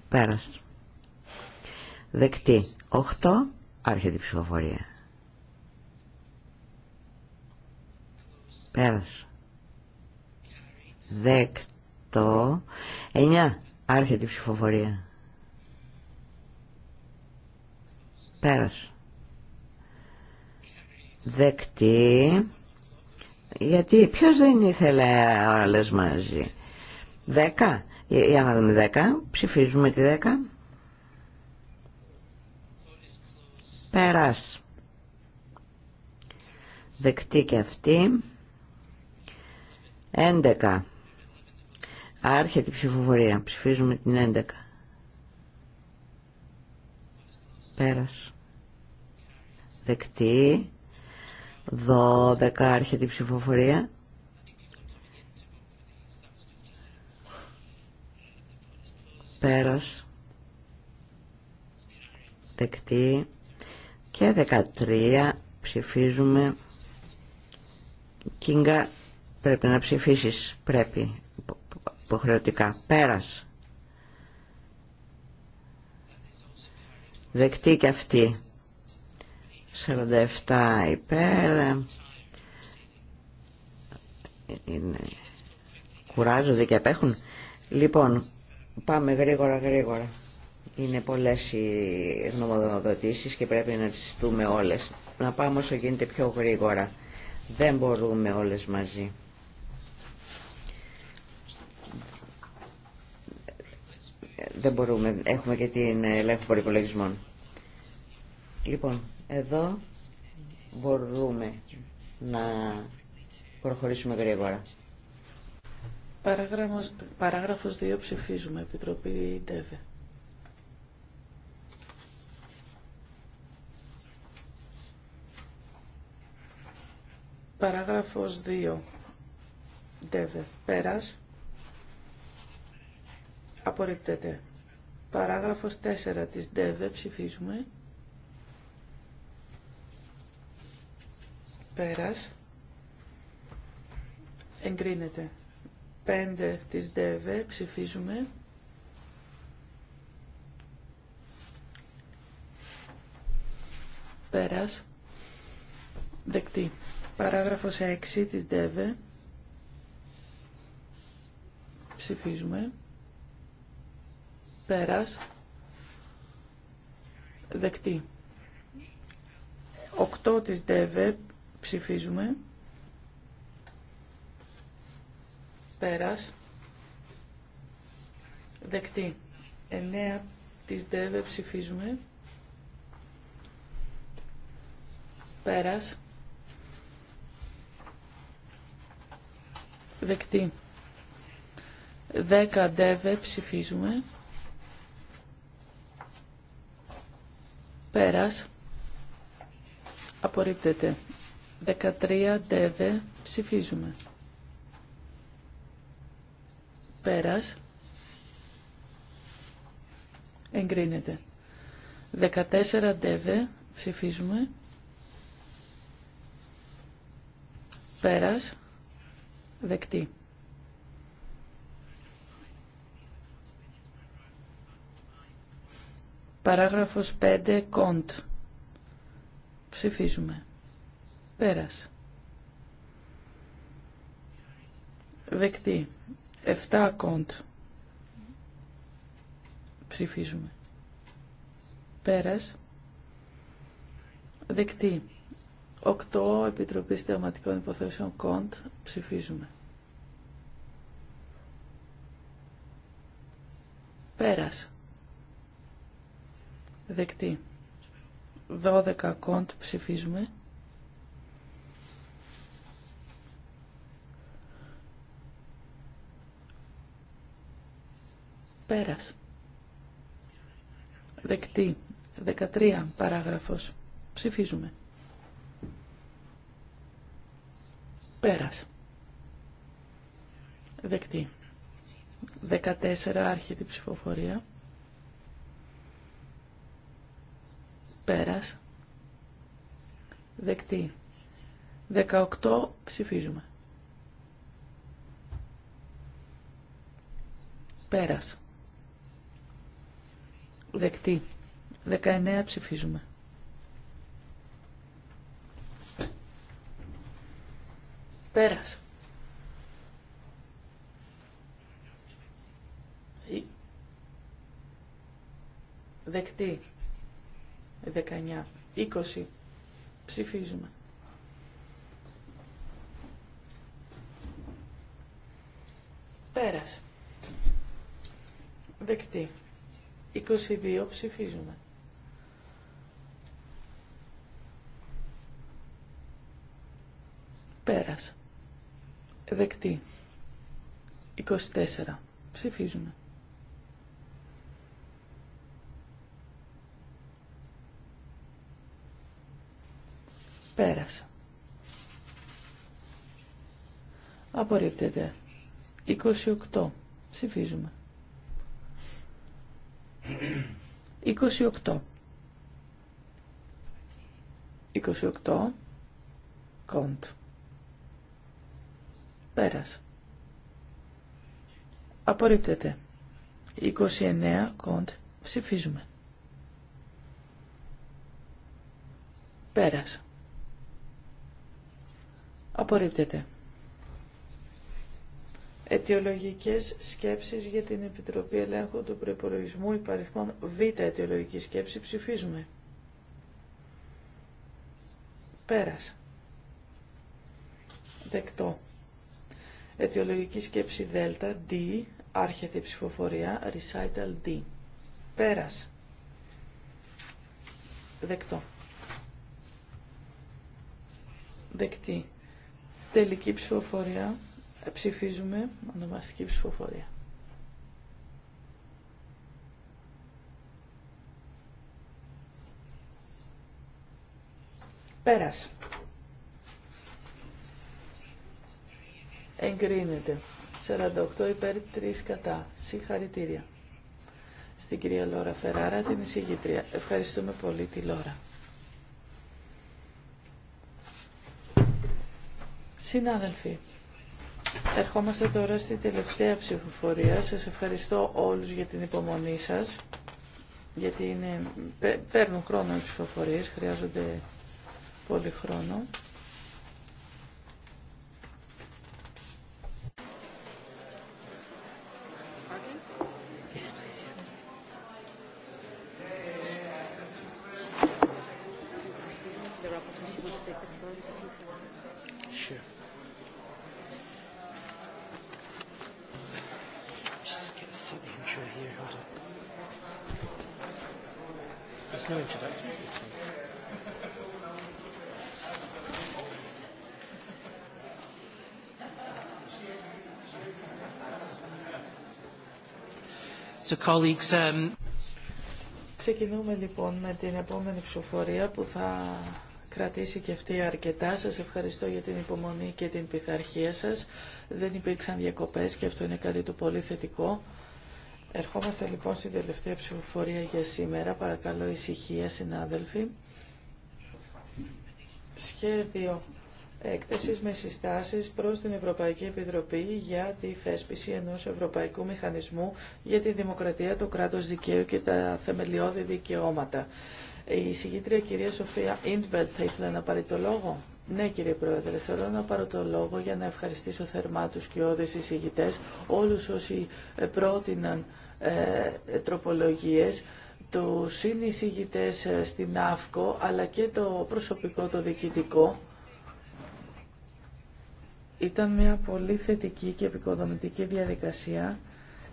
Πέρασε. Δεκτή. Οχτώ. Άρχεται η ψηφοφορία. Πέρασε. Δεκτό. 9. Άρχεται η ψηφοφορία. Πέρασε. Δεκτή. Γιατί ποιος δεν ήθελε όλες μαζί. Δέκα. Ε, για να δούμε δέκα. Ψηφίζουμε τη δέκα. Περάς. Δεκτή και αυτή. Έντεκα. Άρχεται την ψηφοφορία. Ψηφίζουμε την έντεκα. Πέρας. Δεκτή. 12 άρχεται η ψηφοφορία. Πέρας. Δεκτή. Και 13 ψηφίζουμε. Κίνγκα πρέπει να ψηφίσεις. Πρέπει. Υποχρεωτικά. Πέρας. Δεκτή και αυτή. 47 υπέρ είναι... κουράζονται και απέχουν λοιπόν πάμε γρήγορα γρήγορα είναι πολλές οι γνωμοδοτήσεις και πρέπει να τις δούμε όλες να πάμε όσο γίνεται πιο γρήγορα δεν μπορούμε όλες μαζί δεν μπορούμε έχουμε και την ελέγχου προπολογισμών λοιπόν εδώ μπορούμε να προχωρήσουμε γρήγορα. Παράγραφος, 2 ψηφίζουμε, Επιτροπή ΔΕΒΕ. Παράγραφος 2. ΔΕΒΕ. Πέρας. Απορριπτεται. Παράγραφος 4 της ΔΕΒΕ ψηφίζουμε. πέρας εγκρίνεται 5 της ΔΕΒΕ ψηφίζουμε πέρας δεκτή παράγραφος 6 της ΔΕΒΕ ψηφίζουμε πέρας δεκτή 8 της ΔΕΒΕ Ψηφίζουμε. Πέρας. Δεκτή. εννέα της ΔΕΒΕ ψηφίζουμε. Πέρας. Δεκτή. δέκα ΔΕΒΕ ψηφίζουμε. Πέρας. Απορρίπτεται. 13 τεβε ψηφίζουμε. Πέρας. Εγκρίνεται. 14 τεβε ψηφίζουμε. Πέρας. Δεκτή. Παράγραφος 5 κοντ. Ψηφίζουμε. Πέρας. Δεκτή. 7 κοντ. Ψηφίζουμε. Πέρας. Δεκτή. 8 Επιτροπή Θεωματικών Υποθέσεων Κοντ. Ψηφίζουμε. Πέρας. Δεκτή. 12 κοντ. Ψηφίζουμε. Πέρας. Δεκτή. 13 παράγραφος. Ψηφίζουμε. Πέρας. Δεκτή. 14 άρχεται η ψηφοφορία. Πέρας. Δεκτή. 18 ψηφίζουμε. Πέρας. Δεκτή. 19 ψηφίζουμε. Πέρασε. Δεκτή. 19. 20. Ψηφίζουμε. Πέρασε. Δεκτή. 22 ψηφίζουμε. Πέρας. Δεκτή. 24 ψηφίζουμε. Πέρασα. Απορρίπτεται. 28. Ψηφίζουμε. 28. 28. Κοντ. Πέρας. Απορρίπτεται. 29. Κοντ. Ψηφίζουμε. Πέρας. Απορρίπτεται. Αιτιολογικές σκέψεις για την Επιτροπή Ελέγχου του Προϋπολογισμού υπαριθμών Β αιτιολογική σκέψη ψηφίζουμε. Πέρας. Δεκτό. Αιτιολογική σκέψη Δ, D, άρχεται η ψηφοφορία, recital D. Πέρας. Δεκτό. Δεκτή. Τελική ψηφοφορία Ψηφίζουμε ονομαστική ψηφοφορία. Πέρασε. Εγκρίνεται. 48 υπέρ 3 κατά. Συγχαρητήρια. Στην κυρία Λόρα Φεράρα, την εισηγήτρια. Ευχαριστούμε πολύ τη Λόρα. Συνάδελφοι, Ερχόμαστε τώρα στη τελευταία ψηφοφορία. Σας ευχαριστώ όλους για την υπομονή σας, γιατί είναι, παίρνουν χρόνο οι ψηφοφορίες, χρειάζονται πολύ χρόνο. colleagues. Um, Ξεκινούμε λοιπόν με την επόμενη ψηφοφορία που θα κρατήσει και αυτή αρκετά. Σας ευχαριστώ για την υπομονή και την πειθαρχία σας. Δεν υπήρξαν διακοπές και αυτό είναι κάτι το πολύ θετικό. Ερχόμαστε λοιπόν στην τελευταία ψηφοφορία για σήμερα. Παρακαλώ ησυχία συνάδελφοι. Σχέδιο Εκθεση με συστάσεις προς την Ευρωπαϊκή Επιτροπή για τη θέσπιση ενός ευρωπαϊκού μηχανισμού για τη δημοκρατία, το κράτος δικαίου και τα θεμελιώδη δικαιώματα. Η συγκήτρια κυρία Σοφία Ιντβελτ θα ήθελε να πάρει το λόγο. Ναι κύριε Πρόεδρε, θέλω να πάρω το λόγο για να ευχαριστήσω θερμά τους όδες εισηγητές, όλους όσοι πρότειναν ε, τροπολογίες του συνεισηγητές ε, στην ΑΦΚΟ αλλά και το προσωπικό το διοικητικό ήταν μια πολύ θετική και επικοδομητική διαδικασία.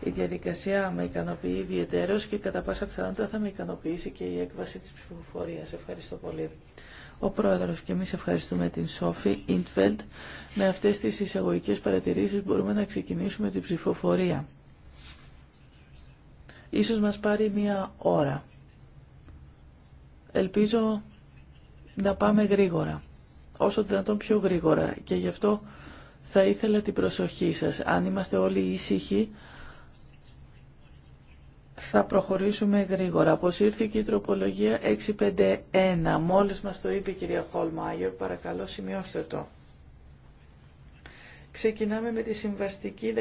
Η διαδικασία με ικανοποιεί ιδιαίτερως και κατά πάσα πιθανότητα θα με ικανοποιήσει και η έκβαση της ψηφοφορίας. Ευχαριστώ πολύ. Ο Πρόεδρος και εμείς ευχαριστούμε την Σόφη Ιντφελτ. Με αυτές τις εισαγωγικές παρατηρήσεις μπορούμε να ξεκινήσουμε την ψηφοφορία. Ίσως μας πάρει μία ώρα. Ελπίζω να πάμε γρήγορα, όσο δυνατόν πιο γρήγορα και γι' αυτό θα ήθελα την προσοχή σας. Αν είμαστε όλοι ήσυχοι, θα προχωρήσουμε γρήγορα. Αποσύρθηκε η τροπολογία 651. Μόλις μας το είπε η κυρία Χολμάγερ, παρακαλώ σημειώστε το. Ξεκινάμε με τη συμβαστική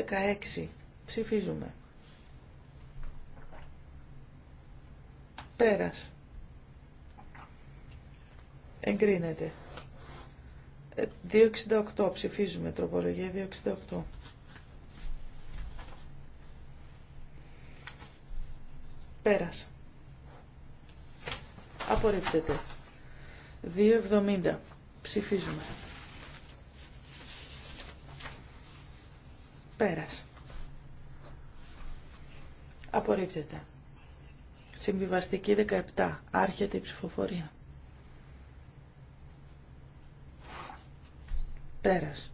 16. Ψηφίζουμε. Πέρας. Εγκρίνεται. 268 ε, ψηφίζουμε τροπολογία 268 Πέρας. απορρίπτεται 270 ψηφίζουμε Πέρας. απορρίπτεται συμβιβαστική 17 άρχεται η ψηφοφορία Πέρας.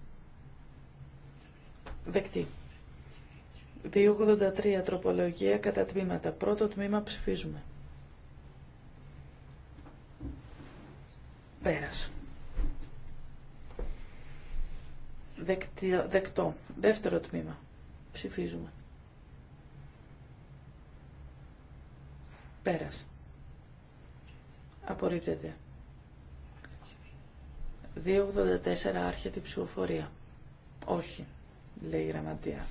Δεκτή. 283 τροπολογία κατά τμήματα. Πρώτο τμήμα ψηφίζουμε. Πέρας. Δεκτή, δεκτό. Δεύτερο τμήμα. Ψηφίζουμε. Πέρας. Απορρίπτεται. 284 άρχεται η ψηφοφορία. Όχι, λέει η γραμματεία.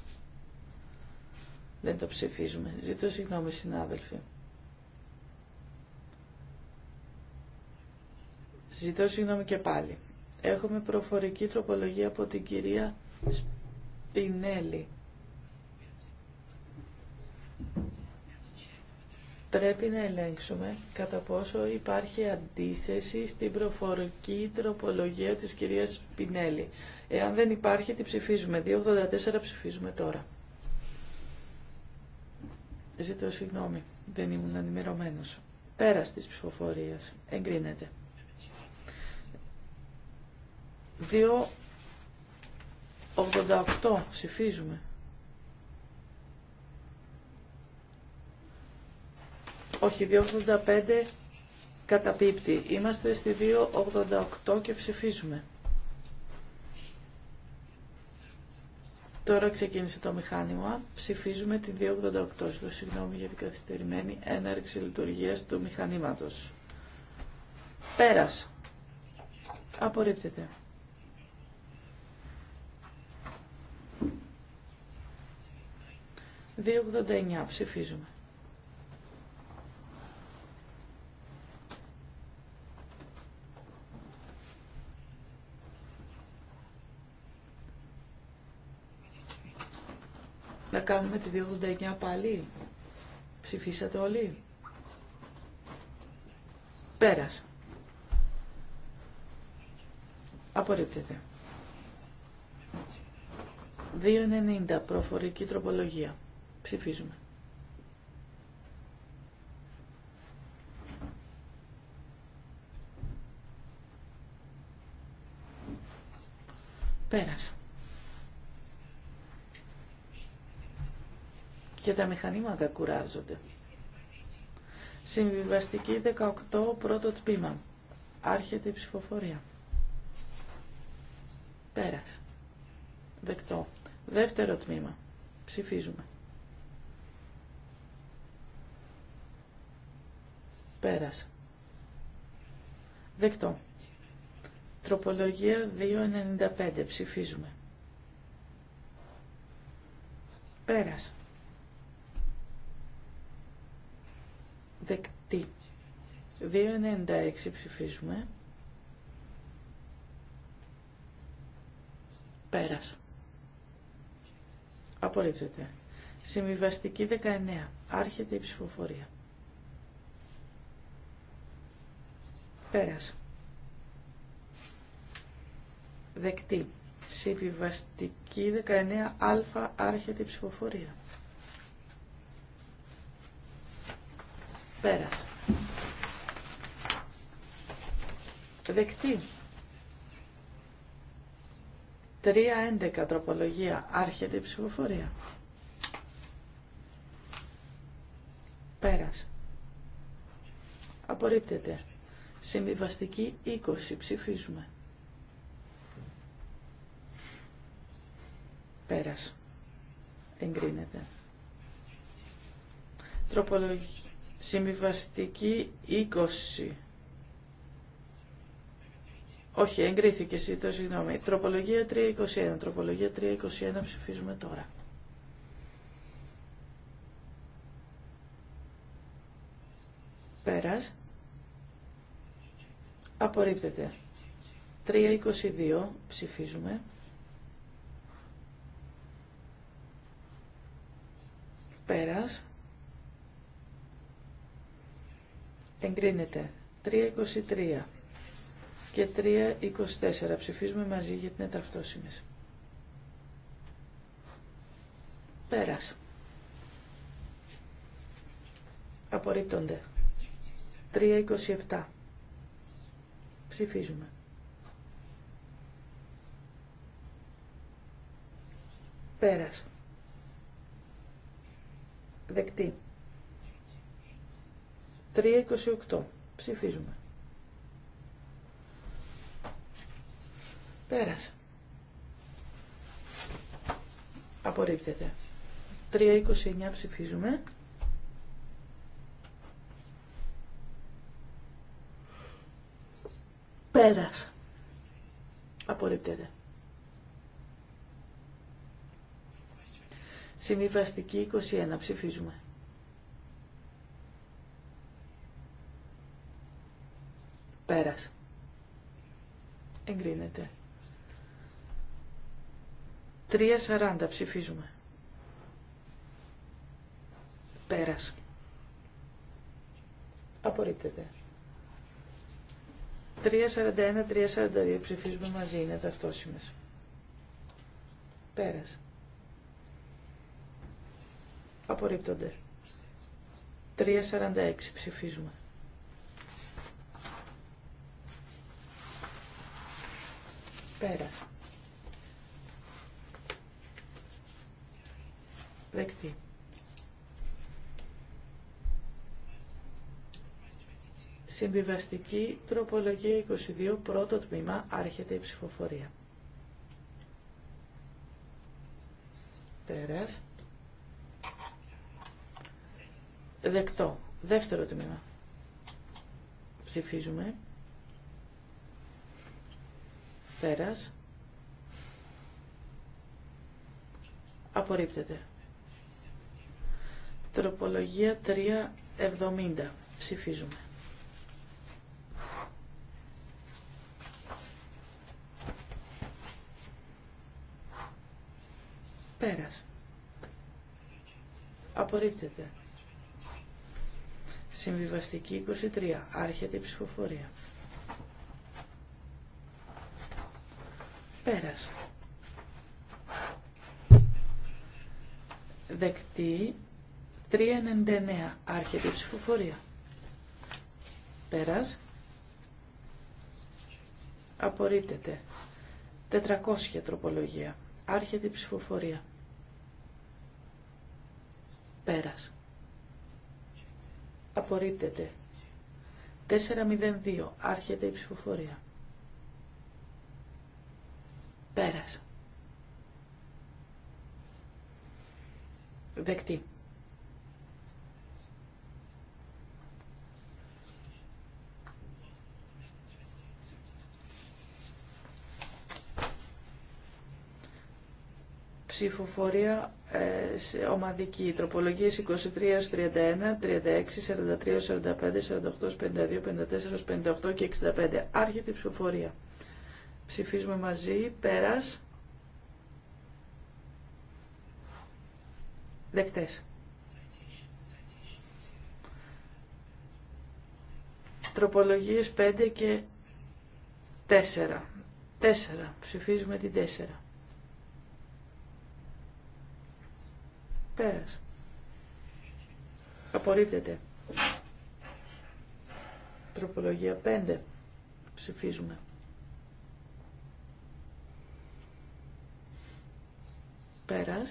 Δεν το ψηφίζουμε. Ζήτω συγγνώμη συνάδελφοι. Ζητώ συγγνώμη και πάλι. Έχουμε προφορική τροπολογία από την κυρία Σπινέλη πρέπει να ελέγξουμε κατά πόσο υπάρχει αντίθεση στην προφορική τροπολογία της κυρίας Πινέλη. Εάν δεν υπάρχει, τι ψηφίζουμε. 2.84 ψηφίζουμε τώρα. Ζήτω συγγνώμη, δεν ήμουν ενημερωμένο. Πέρα τη ψηφοφορία. Εγκρίνεται. 2.88 ψηφίζουμε. Όχι, 285 καταπίπτει. Είμαστε στη 288 και ψηφίζουμε. Τώρα ξεκίνησε το μηχάνημα. Ψηφίζουμε τη 288. Στο συγγνώμη για την καθυστερημένη έναρξη λειτουργίας του μηχανήματος. Πέρας. Απορρίπτεται. 289 ψηφίζουμε. Να κάνουμε τη 289 πάλι. Ψηφίσατε όλοι. Πέρας. Απορρίπτεται. 2.90 προφορική τροπολογία. Ψηφίζουμε. Πέρασε. και τα μηχανήματα κουράζονται. Συμβιβαστική 18 πρώτο τμήμα. Άρχεται η ψηφοφορία. Πέρας. Δεκτό. Δεύτερο τμήμα. Ψηφίζουμε. Πέρας. Δεκτό. Τροπολογία 2.95. Ψηφίζουμε. Πέρας. δεκτή. 2.96 ψηφίζουμε. Πέρασα. Απορρίπτεται. Συμβιβαστική 19. Άρχεται η ψηφοφορία. Πέρασα. Δεκτή. Συμβιβαστική 19α. Άρχεται η ψηφοφορία. Πέρασε. Δεκτή. 3.11 τροπολογία. Άρχεται η ψηφοφορία. Πέρασε. Απορρίπτεται. Συμβιβαστική 20. Ψηφίζουμε. Πέρασε. Εγκρίνεται. Τροπολογική. Συμβιβαστική 20. Όχι, εγκρίθηκε, το συγγνώμη. Τροπολογία 321. Τροπολογία 321 ψηφίζουμε τώρα. Πέρας. Απορρίπτεται. 322 ψηφίζουμε. Πέρας. Εγκρίνεται. 3.23 και 3.24. Ψηφίζουμε μαζί την είναι ταυτόσιμες. Πέρας. Απορρίπτονται. 3.27. Ψηφίζουμε. Πέρας. Δεκτή. 328. Ψηφίζουμε. Πέρασε. Απορρίπτεται. 329 ψηφίζουμε. Πέρασε. Απορρίπτεται. Συμβιβαστική 21 ψηφίζουμε. Πέρας. Εγκρίνεται. 3.40 ψηφίζουμε. Πέρας. Απορρίπτεται. 3.41-3.42 ψηφίζουμε μαζί, είναι ταυτόσιμες. Πέρας. Απορρίπτονται. 3.46 ψηφίζουμε. Πέρας. Δεκτή. Συμβιβαστική τροπολογία 22, πρώτο τμήμα, άρχεται η ψηφοφορία. Πέρας. Δεκτό. Δεύτερο τμήμα. Ψηφίζουμε. Πέρας. Απορρίπτεται. Τροπολογία 370. Ψηφίζουμε. Πέρας. Απορρίπτεται. Συμβιβαστική 23. Άρχεται η ψηφοφορία. Πέρας. Δεκτή. 3.99. Άρχεται η ψηφοφορία. Πέρας. Απορρίπτεται. 400 τροπολογία. Άρχεται η ψηφοφορία. Πέρας. Απορρίπτεται. 402. Άρχεται η ψηφοφορία. Πέρασε. Δεκτή. ψηφοφορία ε, σε ομαδική. Τροπολογίες 23 31, 36, 43, 45, 48, 52, 54, 58 και 65. Άρχεται η ψηφοφορία. Ψηφίζουμε μαζί. Πέρας. Δεκτές. Τροπολογίες 5 και 4. 4. Ψηφίζουμε την 4. Πέρας. Απορρίπτεται. Τροπολογία 5. Ψηφίζουμε. Πέρας.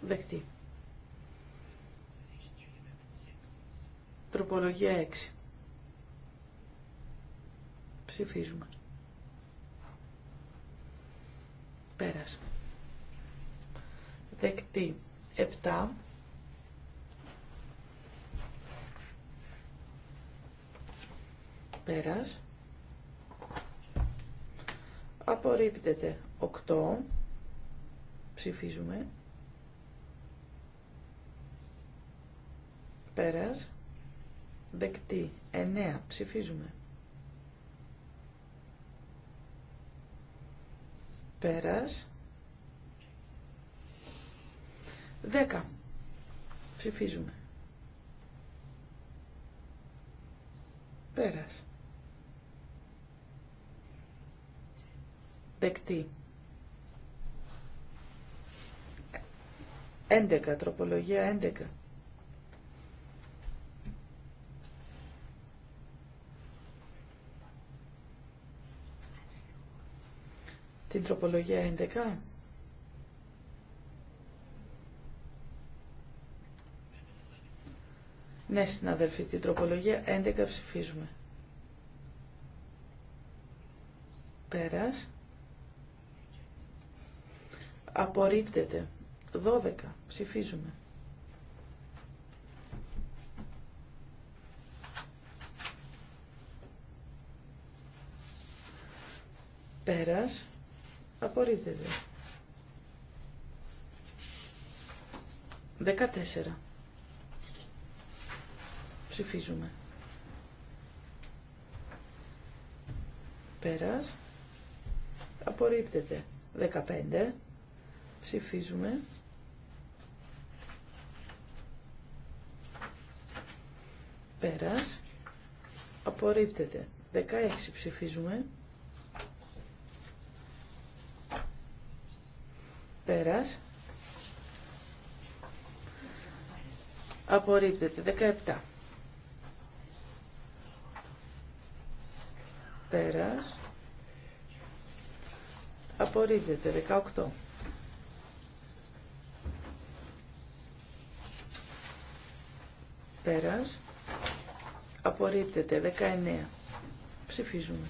Δεκτή. Τροπολογία 6. Ψηφίζουμε. Πέρας. Δεκτή. 7. Πέρας. Απορρίπτεται. 8. Ψηφίζουμε. Πέρας. Δεκτή. 9. Ψηφίζουμε. Πέρας. 10. Ψηφίζουμε. Πέρας. Δεκτή. 11, τροπολογία 11. Την τροπολογία 11. Ναι, συναδελφοί, την τροπολογία 11 ψηφίζουμε. Πέρας. Απορρίπτεται. 12. Ψηφίζουμε. Πέρας. Απορρίπτεται. 14. Ψηφίζουμε. Πέρας. Απορρίπτεται. 15. Ψηφίζουμε. Πέρας. Απορρίπτεται. 16 ψηφίζουμε. Πέρας. Απορρίπτεται. 17. Πέρας. Απορρίπτεται. 18. Πέρας. Απορρίπτεται. 19. Ψηφίζουμε.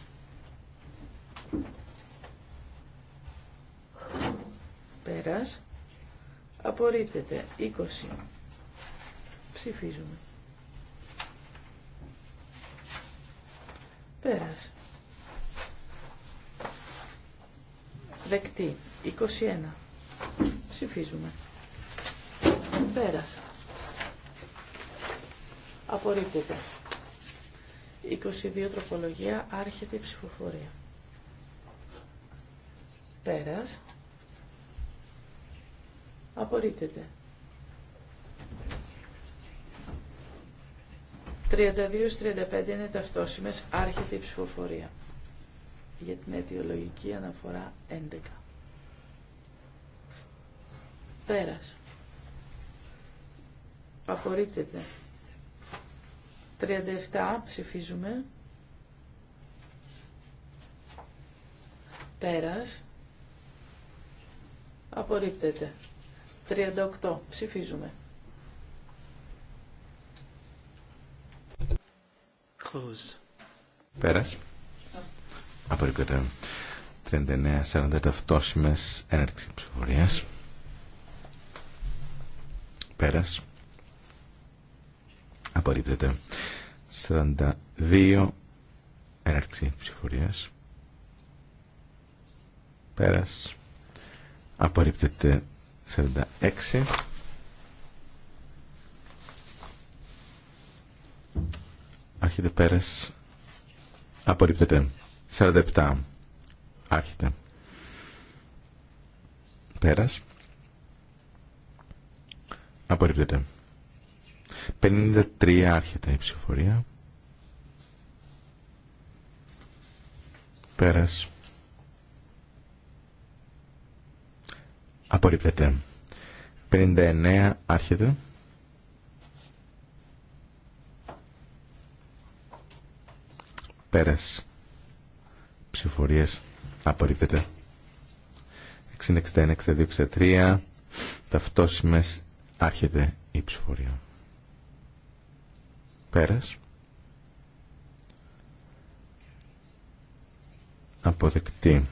Πέρας. Απορρίπτεται. 20. Ψηφίζουμε. Πέρας. Δεκτή. 21. Ψηφίζουμε. Πέρας. Απορρίπτεται. 22 τροπολογία, άρχεται η ψηφοφορία. Πέρας. Απορρίπτεται. 32-35 είναι ταυτόσημες. άρχεται η ψηφοφορία για την αιτιολογική αναφορά 11. Πέρας. Απορρίπτεται. 37 ψηφίζουμε. Πέρας. Απορρίπτεται. 38 ψηφίζουμε. Close. Πέρας. Απορρίπτεται. 39-40 ταυτόσιμες έναρξη ψηφορίας. Πέρας. Απορρίπτεται. 42 έναρξη ψηφορίας πέρας απορρίπτεται 46 άρχεται πέρας απορρίπτεται 47 άρχεται πέρας απορρίπτεται 53 άρχεται η ψηφοφορία. Πέρας. Απορρίπτεται. 59 άρχεται. Πέρας. Ψηφορίες. Απορρίπτεται. 661, 61, 62, 63. Ταυτόσιμες άρχεται η ψηφορία. Πέρας. Αποδεκτή.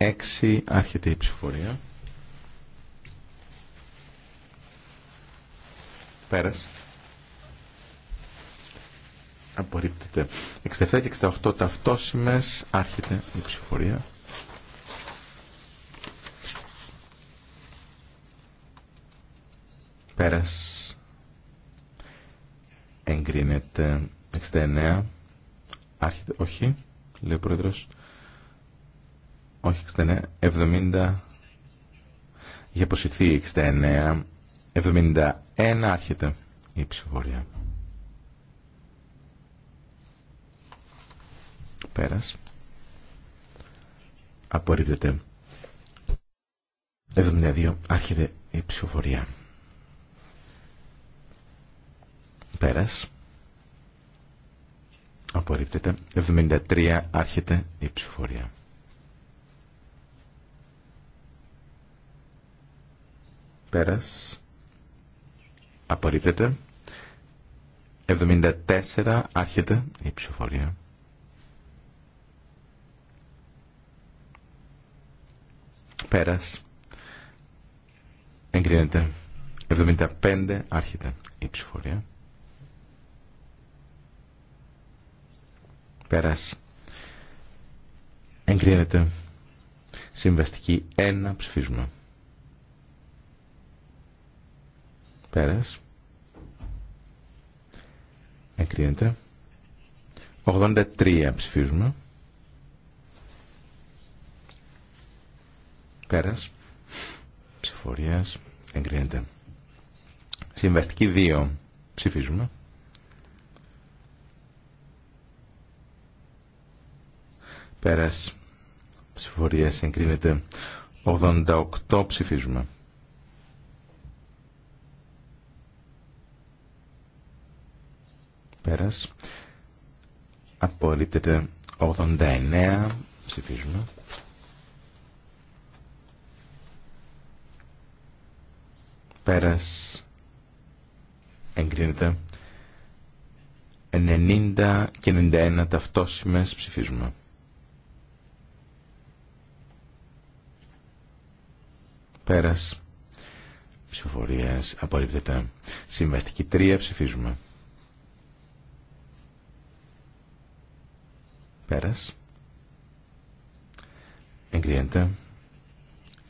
66 άρχεται η ψηφορία. Πέρας. Απορρίπτεται. 67 και 68 ταυτόσημες άρχεται η ψηφορία. Πέρας εγκρίνεται 69 άρχεται όχι λέει ο πρόεδρος όχι 69 70 για αποσυρθεί 69 71 άρχεται η ψηφοφορία πέρας απορρίπτεται 72 άρχεται η ψηφοφορία Πέρας. Απορρίπτεται. 73 άρχεται η ψηφορία. Πέρας. Απορρίπτεται. 74 άρχεται η ψηφορία. Πέρας. Εγκρίνεται. 75 άρχεται η ψηφορία. Πέρας. Εγκρίνεται. Συμβαστική 1. Ψηφίζουμε. Πέρας. Εγκρίνεται. 83 ψηφίζουμε. Πέρας. Ψηφορίας. Εγκρίνεται. Συμβαστική 2. Ψηφίζουμε. Πέρας ψηφορία συγκρίνεται 88 ψηφίζουμε. Πέρας απολύτεται 89 ψηφίζουμε. Πέρας εγκρίνεται 90 και 91 ταυτόσημες ψηφίζουμε. Πέρας. ψηφοφορία Απορρίπτεται. Συμβαστική 3. Ψηφίζουμε. Πέρα. Εγκρίνεται.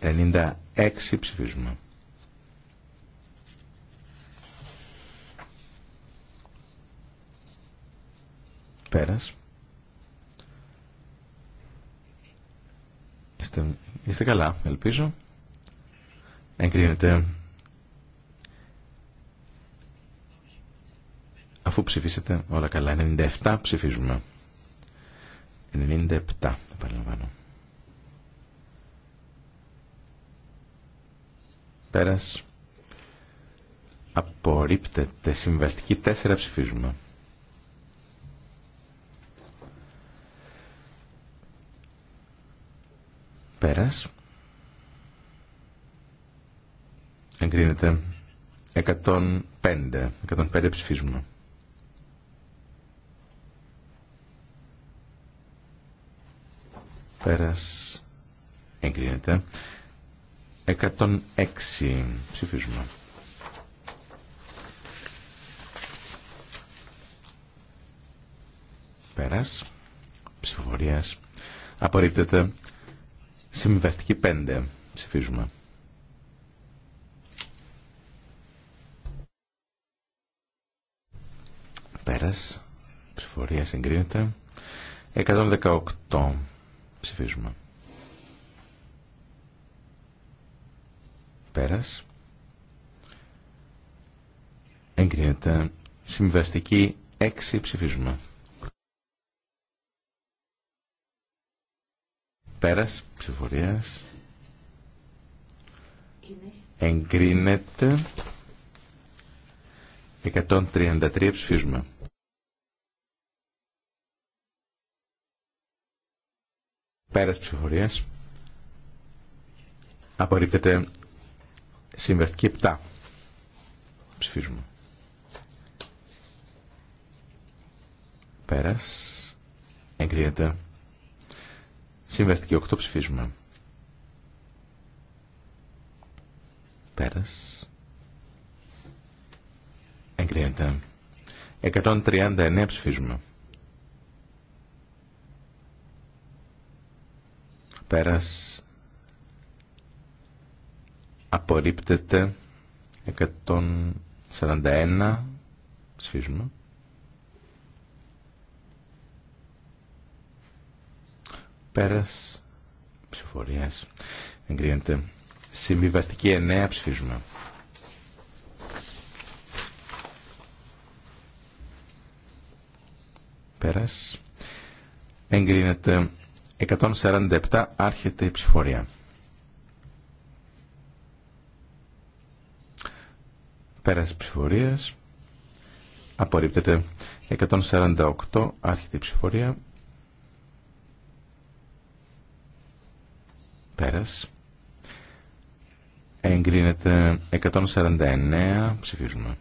96 ψηφίζουμε. Πέρα. Είστε, είστε καλά, ελπίζω εγκρίνεται. Αφού ψηφίσετε όλα καλά, 97 ψηφίζουμε. 97, θα παραλαμβάνω Πέρας. Απορρίπτεται. Συμβαστική 4 ψηφίζουμε. Πέρας. Εγκρίνεται. 105. 105 ψηφίζουμε. Πέρας. Εγκρίνεται. 106 ψηφίζουμε. Πέρας. Ψηφοφορίας. Απορρίπτεται. Συμβιβαστική 5 ψηφίζουμε. Πέρας. Ψηφορία συγκρίνεται. 118. Ψηφίζουμε. Πέρας. Εγκρίνεται. Συμβαστική 6. Ψηφίζουμε. Πέρας. Ψηφορίας. Εγκρίνεται. 133 ψηφίζουμε. Πέρας ψηφορίας. Απορρίπτεται συμβαστική 7. Ψηφίζουμε. Πέρας. Εγκρίνεται. Συμβαστική 8 ψηφίζουμε. Πέρας. Εγκρίνεται. 139 ψηφίζουμε. πέρας απορρίπτεται 141 ψηφίζουμε πέρας ψηφορίας εγκρίνεται συμβιβαστική 9 ψηφίσμα. πέρας εγκρίνεται 147 άρχεται η ψηφορία. Πέρας ψηφορία, απορρίπτεται 148 άρχεται η ψηφορία. Πέρας. Εγκρίνεται 149 ψηφίζουμε.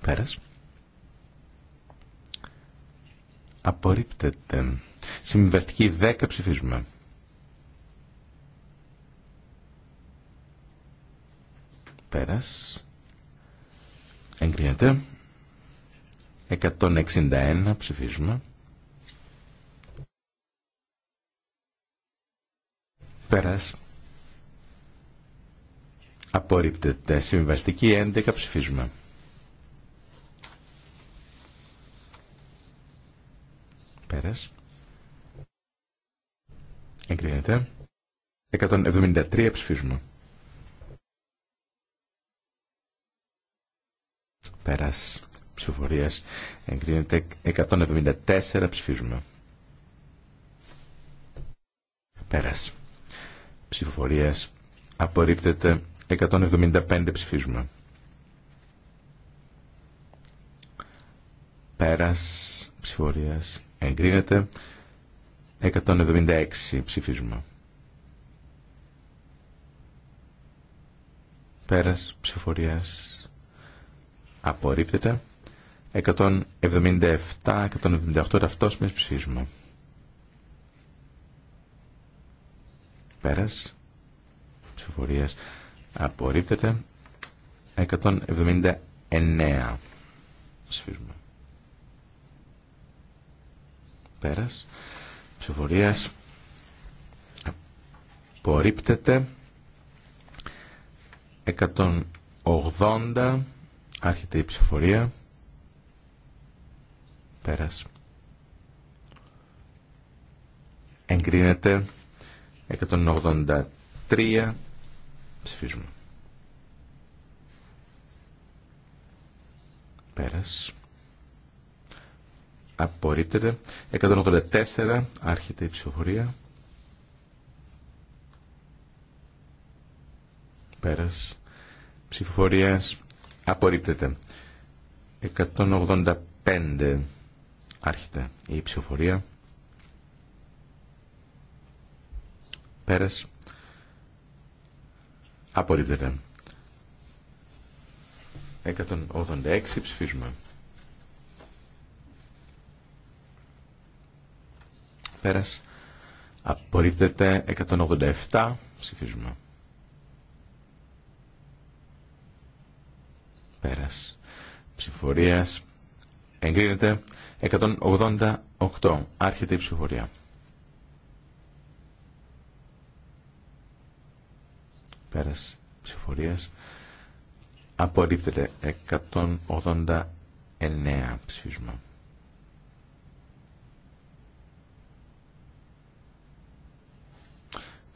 Πέρας. Απορρίπτεται. Συμβιβαστική 10 ψηφίζουμε. Πέρας. Εγκρίνεται. 161 ψηφίζουμε. Πέρας. Απορρίπτεται. Συμβιβαστική 11 ψηφίζουμε. Πέρας. Εγκρίνεται. 173 ψηφίζουμε. Πέρας ψηφοφορίας. Εγκρίνεται. 174 ψηφίζουμε. Πέρας. Ψηφοφορίας. Απορρίπτεται. 175 ψηφίζουμε. Πέρας ψηφορίας εγκρίνεται 176 ψηφίζουμε πέρας ψηφορίας απορρίπτεται 177-178 μες ψηφίζουμε πέρας ψηφορίας απορρίπτεται 179 ψηφίζουμε Πέρας. Ψηφορίας. Απορρίπτεται. 180. Άρχεται η ψηφορία. Πέρας. Εγκρίνεται. 183. Ψηφίζουμε. Πέρας απορρίπτεται. 184 άρχεται η ψηφοφορία. Πέρας ψηφοφορίας απορρίπτεται. 185 άρχεται η ψηφοφορία. Πέρας απορρίπτεται. 186 ψηφίζουμε. Πέρας. Απορρίπτεται 187. Ψηφίζουμε. Πέρας. Ψηφορίας. Εγκρίνεται 188. Άρχεται η ψηφορία. Πέρας. Ψηφορίας. Απορρίπτεται 189. Ψηφίζουμε.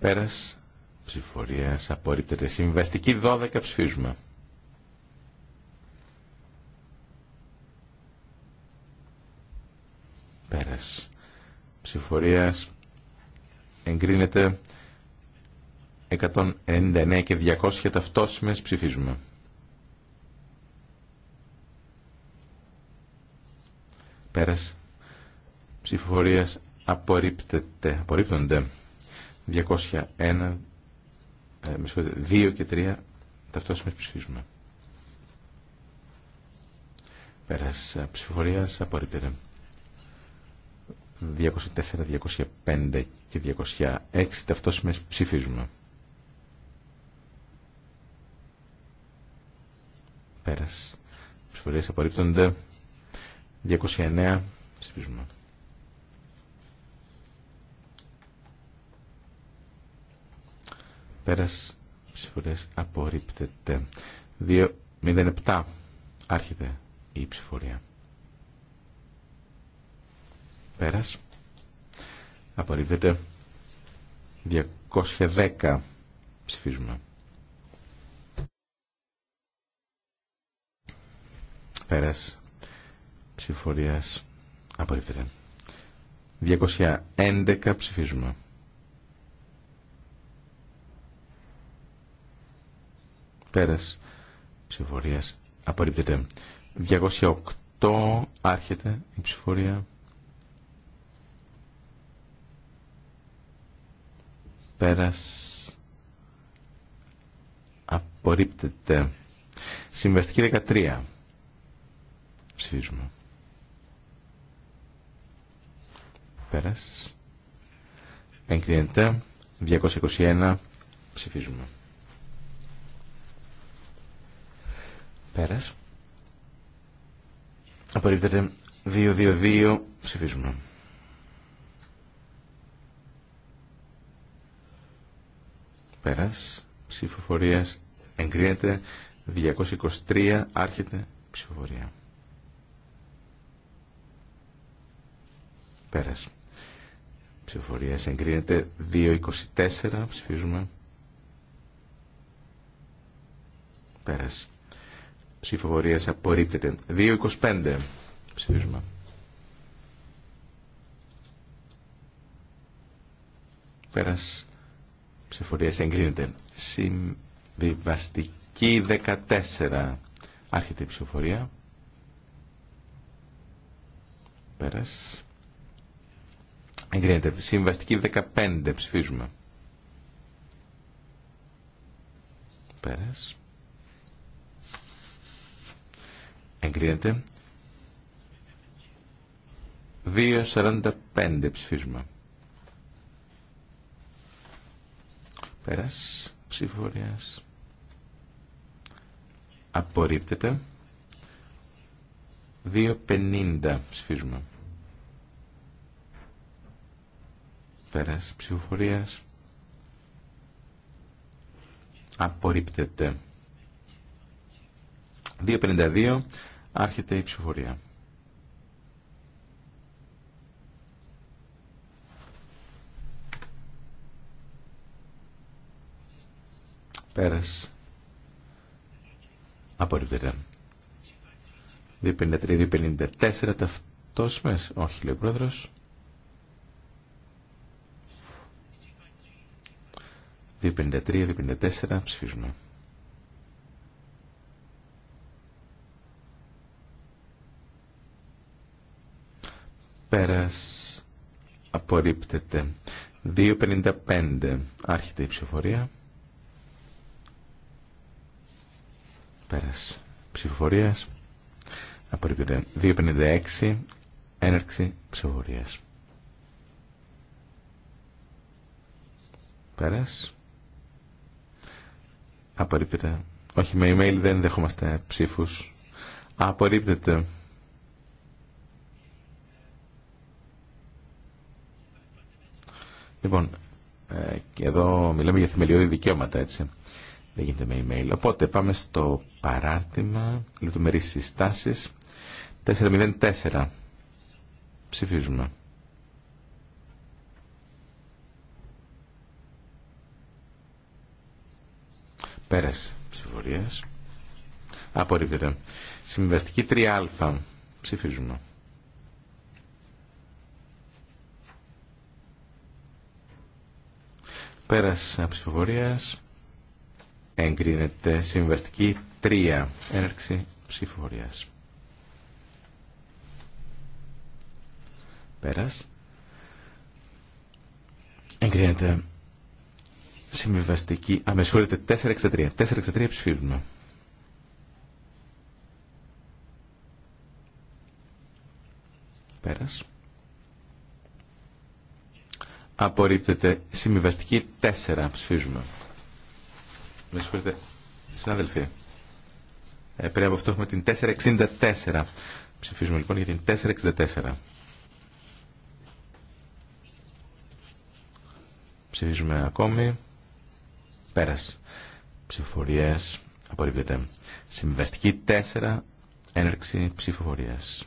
Πέρας ψηφορίας απορρίπτεται. Συμβαστική 12 ψηφίζουμε. Πέρας ψηφορίας εγκρίνεται 199 και 200 ταυτόσιμες ψηφίζουμε. Πέρας ψηφοφορία απορρίπτεται, απορρίπτονται. 201, ε, 2 και 3 ταυτόσιμε ψηφίζουμε. Πέρας ε, ψηφορία απορρίπτεται. 204, 205 και 206 ταυτόσιμες ψηφίζουμε. Πέρας ψηφοφορία απορρίπτονται. 209 ψηφίζουμε. Πέρας ψηφορές απορρίπτεται. 2.07 άρχεται η ψηφορία. Πέρας. Απορρίπτεται. 210 ψηφίζουμε. Πέρας ψηφορίας απορρίπτεται. 211 ψηφίζουμε. Πέρας ψηφορίας απορρίπτεται. 208 άρχεται η ψηφορία. Πέρας απορρίπτεται. Συμβαστική 13. Ψηφίζουμε. Πέρας. Εγκρίνεται. 221. Ψηφίζουμε. Πέρας. Απορρίπτεται 2-2-2. Ψηφίζουμε. Πέρας. Ψηφοφορίας εγκρίνεται 223. Άρχεται ψηφοφορία. Πέρας. Ψηφοφορίας εγκρίνεται 224. Ψηφίζουμε. Πέρας ψηφοφορία απορρίπτεται. 2.25 ψηφίζουμε. Πέρας ψηφοφορία εγκρίνεται. Συμβιβαστική 14. Άρχεται η ψηφοφορία. Πέρας. Εγκρίνεται. Συμβαστική 15 ψηφίζουμε. Πέρας. εγκρίνεται. 2.45 ψηφίζουμε. Πέρας ψηφορίας. Απορρίπτεται. 2.50 ψηφίζουμε. Πέρας ψηφοφορίας. Απορρίπτεται. 2.52 Άρχεται η ψηφορία. Πέρας. Απορρίπτεται. 253-254 ταυτόσμες. Όχι, λέει ο πρόεδρος. 253-254 ψηφίζουμε. Πέρας απορρίπτεται. 2.55 άρχεται η ψηφοφορία. Πέρας ψηφοφορίας. Απορρίπτεται. 2.56 έναρξη ψηφοφορίας. Πέρας. Απορρίπτεται. Όχι, με email δεν δεχόμαστε ψήφους. Απορρίπτεται. Λοιπόν, ε, και εδώ μιλάμε για θεμελιώδη δικαιώματα, έτσι. Δεν γίνεται με email. Οπότε πάμε στο παράρτημα, λεπτομερείς συστάσεις. 404. ψηφιζουμε Πέρας Πέρασε ψηφορίας. Απορρίπτεται. Συμβαστική 3α. Ψηφίζουμε. πέρας απο από ψηφοφορία. 3 συμβαστική ψηφοφορια ψηφοφορίας έναρξη συμβιβαστικη Πέρασε. Εγκρίνεται συμβαστική. Αμεσούρετε 4-6-3. 4-6-3 Απορρίπτεται. Συμβιβαστική 4. Ψηφίζουμε. Με συγχωρείτε. Συνάδελφοι. Ε, πριν από αυτό έχουμε την 464. Ψηφίζουμε λοιπόν για την 464. Ψηφίζουμε ακόμη. Πέρασε. Ψηφοφορίες. Απορρίπτεται. συμβαστικη 4. Έναρξη ψηφοφορίας.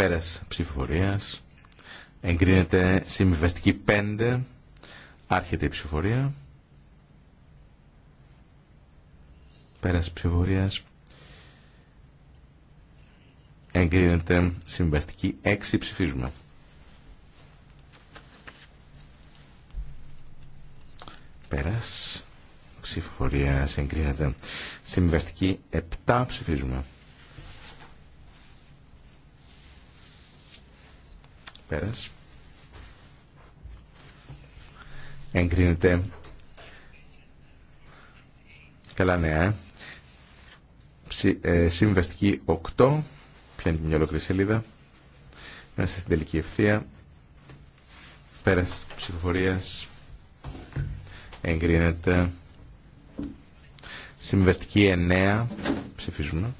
Πέρας ψηφοφορίας. Εγκρίνεται συμβιβαστική 5. Άρχεται η ψηφοφορία. Πέρας ψηφοφορίας. Εγκρίνεται συμβιβαστική 6. Ψηφίζουμε. Πέρας ψηφοφορία, εγκρίνεται. Συμβιβαστική 7. Ψηφίζουμε. Πέρας. Εγκρίνεται. Καλά νέα. Ε. ε συμβαστική 8. Πιάνει μια ολόκληρη σελίδα. Μέσα στην τελική ευθεία. Πέρας ψηφοφορίας. Εγκρίνεται. Συμβαστική 9. Ψηφίζουμε.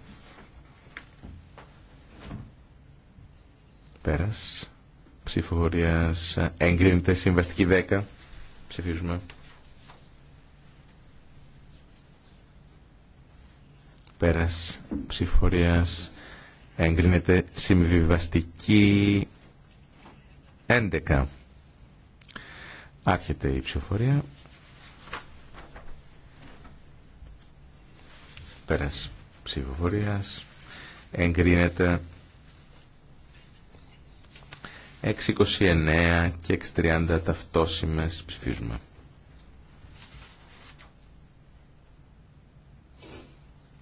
Πέρας ψηφοφορίας εγκρίνεται συμβαστική 10 ψηφίζουμε πέρας ψηφοφορίας εγκρίνεται συμβιβαστική 11 άρχεται η ψηφοφορία πέρας ψηφοφορίας εγκρίνεται 629 και 630 ταυτόσημες ψηφίζουμε.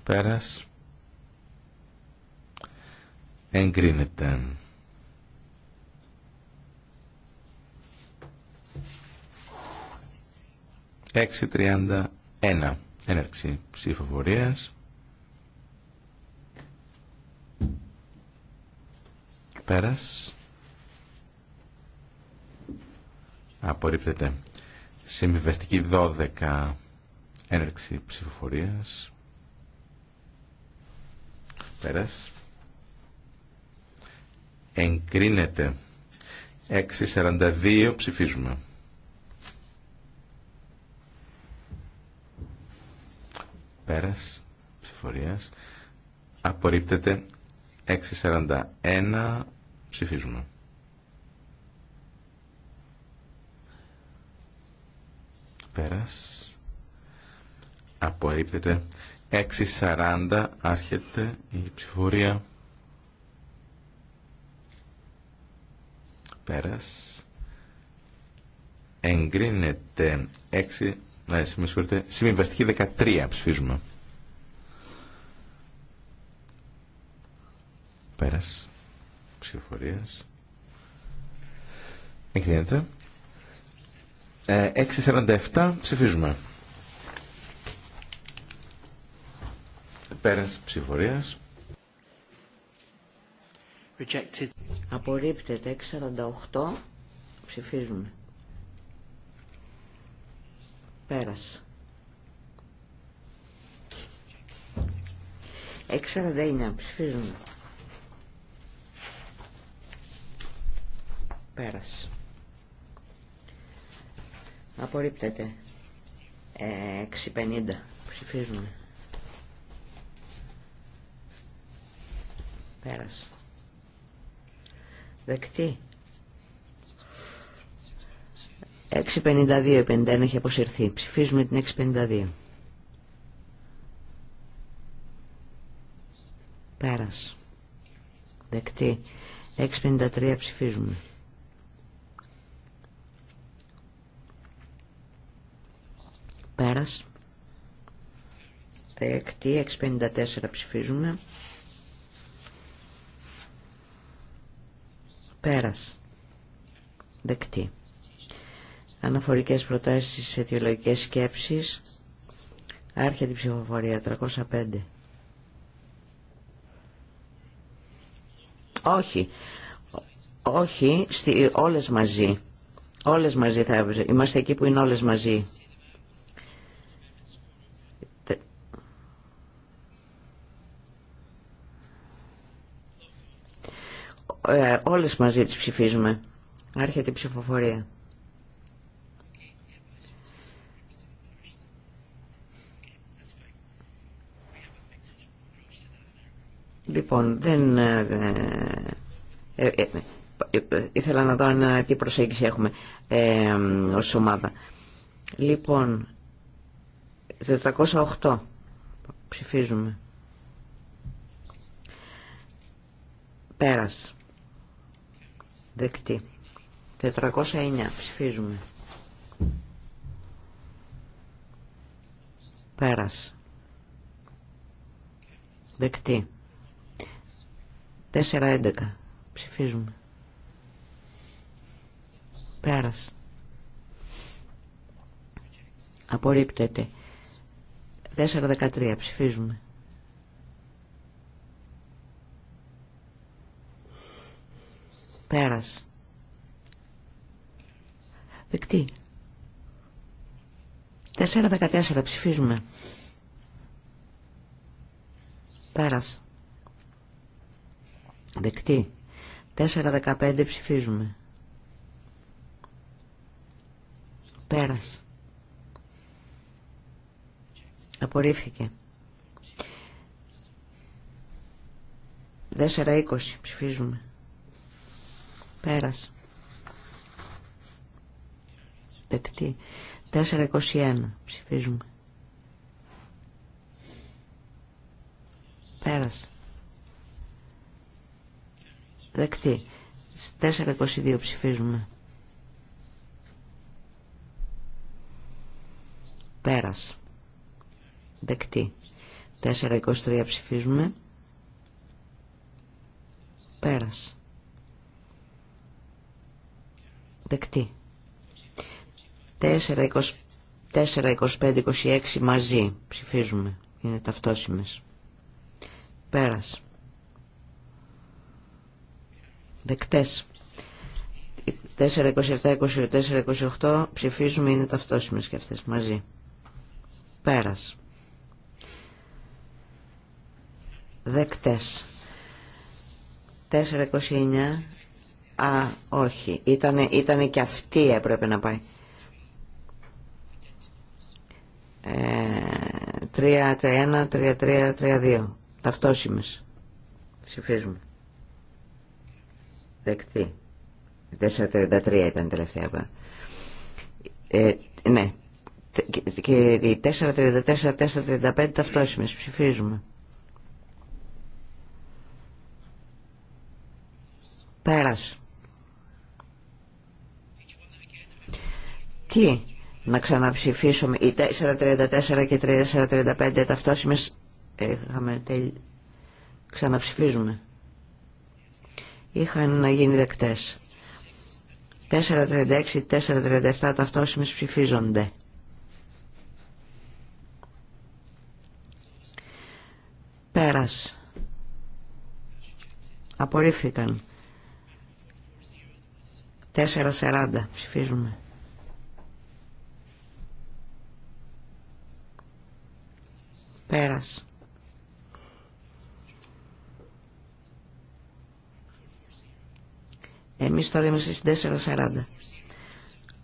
Πέρας. Εγκρίνεται. Έξι τριάντα ένα. Έναρξη ψηφοφορίας. Πέρας. Απορρίπτεται. Συμβιβαστική 12. Έναρξη ψηφοφορίας. Πέρας. Εγκρίνεται. 6.42 ψηφίζουμε. Πέρας ψηφοφορίας, Απορρίπτεται. 6.41 ψηφίζουμε. Πέρας. Απορρίπτεται. 6.40 άρχεται η ψηφορία. Πέρας. Εγκρίνεται 6, ναι, με 13 ψηφίζουμε. Πέρας ψηφορίας. Εγκρίνεται. 647 ε, ψηφίζουμε. Πέρας ψηφορίας. Rejected. Απορρίπτεται 648 ψηφίζουμε. Πέρας. 649 ψηφίζουμε. Πέρας. Απορρίπτεται. 6.50. Ψηφίζουμε. Πέρασε. Δεκτή. 6.52. 51 έχει αποσυρθεί. Ψηφίζουμε την 6.52. Πέρασε. Δεκτή. 6.53 ψηφίζουμε. Πέρας. Δεκτή. 654 ψηφίζουμε. Πέρας. Δεκτή. Αναφορικές προτάσεις σε αιτιολογικές σκέψεις. Άρχεται η ψηφοφορία 305. Όχι. Όχι, στη, όλες μαζί. Όλες μαζί θα είμαστε εκεί που είναι όλες μαζί. ε, όλες μαζί τις ψηφίζουμε. Άρχεται η ψηφοφορία. Λοιπόν, δεν... Ε, ε, ε ήθελα να δω ε, τι προσέγγιση έχουμε ε, ως ομάδα. Λοιπόν, 408 ψηφίζουμε. Πέρας. Δεκτή. 409. Ψηφίζουμε. Πέρας. Δεκτή. 411. Ψηφίζουμε. Πέρας. Απορρίπτεται. 413. Ψηφίζουμε. Πέρας. Δεκτή. 4-14 ψηφίζουμε. Πέρας. Δεκτή. 4-15 ψηφίζουμε. Πέρας. Απορρίφθηκε. 4-20 ψηφίζουμε. Πέρας. Δεκτή. 421. Ψηφίζουμε. Πέρας. Δεκτή. 422 ψηφίζουμε. Πέρας. Δεκτή. 423 ψηφίζουμε. Πέρας. Δεκτή. 4, 25, 26 μαζί ψηφίζουμε. Είναι ταυτόσιμες. Πέρας. Δεκτές. 4, 27, 24, 28 ψηφίζουμε. Είναι ταυτόσιμες και αυτές μαζί. Πέρας. Δεκτές. 4, 29 Α, όχι. Ήτανε, ήτανε και αυτή έπρεπε να πάει. Ε, 3-3-1, 3-3-3-2. Ταυτόσιμες. Ψηφίζουμε. Δεκτή. 4-33 ήταν τελευταία. Ε, ναι. Και 4-34-4-35 ταυτόσιμες. Ψηφίζουμε. Πέρασε. Τι, να ξαναψηφίσουμε οι 434 και 435 ταυτόσιμες ε, είχαμε τελ... ξαναψηφίζουμε. Είχαν να γίνει δεκτές. 436, 437 ταυτόσιμες ψηφίζονται. Πέρας. Απορρίφθηκαν. 440 ψηφίζουμε. Πέρας. Εμείς τώρα είμαστε στις 4.40.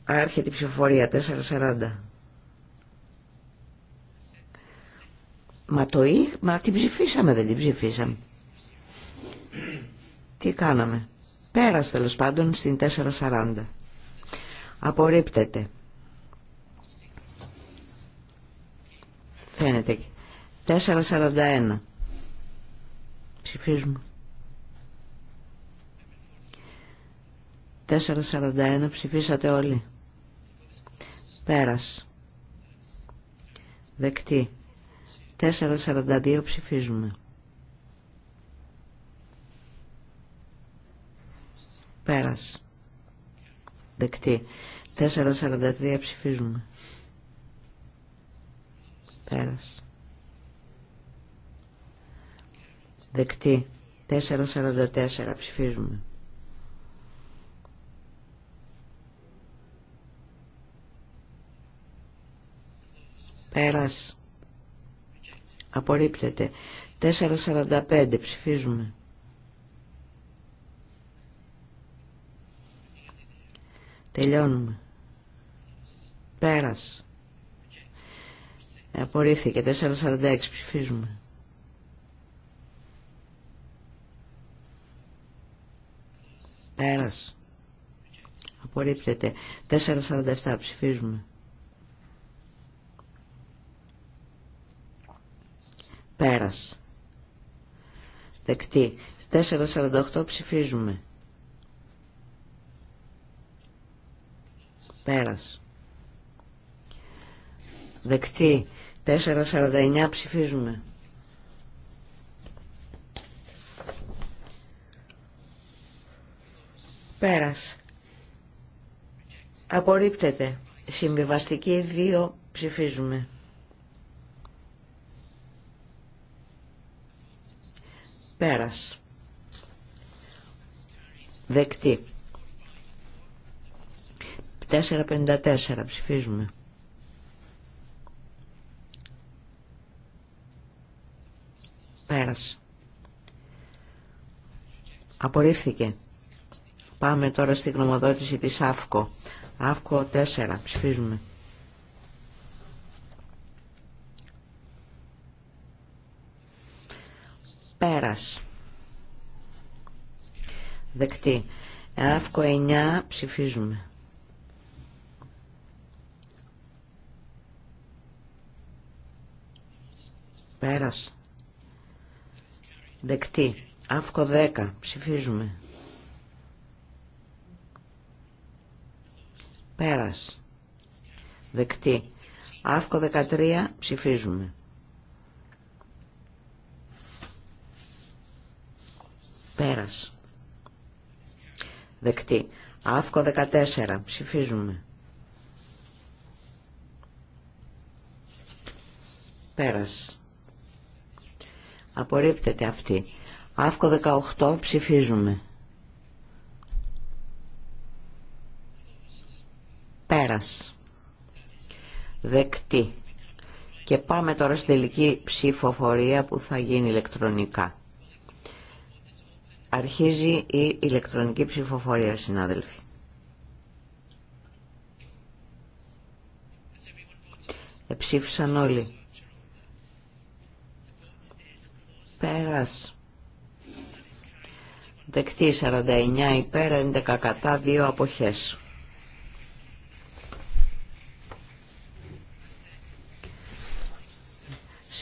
Άρχεται η ψηφοφορία 4.40. Μα το ή, μα την ψηφίσαμε, δεν την ψηφίσαμε. Τι κάναμε. Πέρας τέλο πάντων στην 4.40. Απορρίπτεται. Φαίνεται 441. Ψηφίζουμε. 441 ψηφίσατε όλοι. Πέρας. Δεκτή. 442 ψηφίζουμε. Πέρας. Δεκτή. 443 ψηφίζουμε. Πέρας. Δεκτή. 444 ψηφίζουμε. Πέρας. Απορρίπτεται. 445 ψηφίζουμε. Τελειώνουμε. Πέρας. Απορρίφθηκε. 446 ψηφίζουμε. Πέρας. Απορρίπτεται. 4.47 ψηφίζουμε. Πέρας. Δεκτή. 4.48 ψηφίζουμε. Πέρας. Δεκτή. 4.49 ψηφίζουμε. Πέρας. Απορρίπτεται. Συμβιβαστική 2 ψηφίζουμε. Πέρας. Δεκτή. 454 ψηφίζουμε. Πέρας. Απορρίφθηκε. Πάμε τώρα στη γνωμοδότηση της ΑΦΚΟ. ΑΦΚΟ 4. Ψηφίζουμε. Πέρας. Δεκτή. ΑΦΚΟ 9. Ψηφίζουμε. Πέρας. Δεκτή. ΑΦΚΟ 10. Ψηφίζουμε. Πέρας. Δεκτή. Αύκο 13 ψηφίζουμε. Πέρας. Δεκτή. Αύκο 14 ψηφίζουμε. Πέρας. Απορρίπτεται αυτή. Αύκο 18 ψηφίζουμε. Πέρας. Δεκτή. Και πάμε τώρα στην τελική ψηφοφορία που θα γίνει ηλεκτρονικά. Αρχίζει η ηλεκτρονική ψηφοφορία, συνάδελφοι. Εψήφισαν όλοι. Πέρας. Δεκτή 49 υπέρ, 11 κατά, 2 αποχές.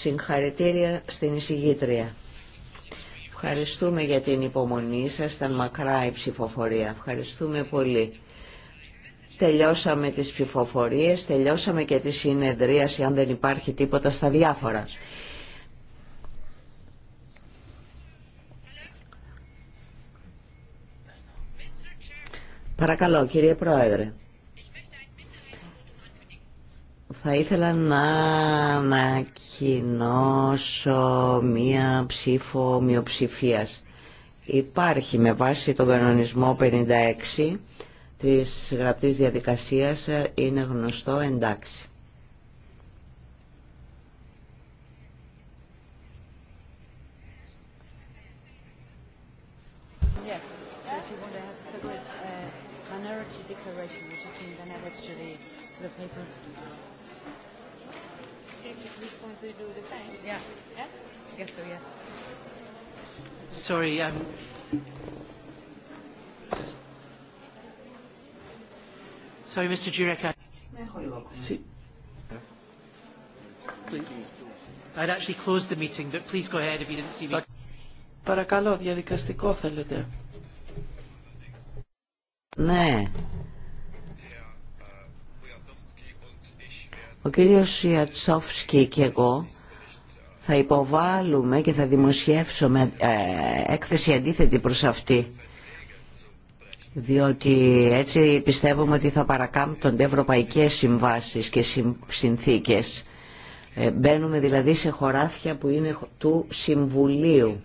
Συγχαρητήρια στην εισηγήτρια. Ευχαριστούμε για την υπομονή σας, ήταν μακρά η ψηφοφορία. Ευχαριστούμε πολύ. Τελειώσαμε τις ψηφοφορίες, τελειώσαμε και τη συνεδρίαση, αν δεν υπάρχει τίποτα στα διάφορα. Παρακαλώ, κύριε Πρόεδρε. Θα ήθελα να ανακοινώσω μία ψήφο μειοψηφίας. Υπάρχει με βάση τον κανονισμό 56 της γραπτής διαδικασίας, ε, είναι γνωστό εντάξει. guess so, yeah. Sorry, Sorry, Mr. Jurek. I'd actually closed the meeting, but please go ahead if you didn't see me. Παρακαλώ, διαδικαστικό θέλετε. Ναι. Ο κύριος Ιατσόφσκι και εγώ θα υποβάλουμε και θα δημοσιεύσουμε ε, έκθεση αντίθετη προς αυτή διότι έτσι πιστεύουμε ότι θα παρακάμπτονται ευρωπαϊκές συμβάσεις και συνθήκες. Ε, μπαίνουμε δηλαδή σε χωράφια που είναι του Συμβουλίου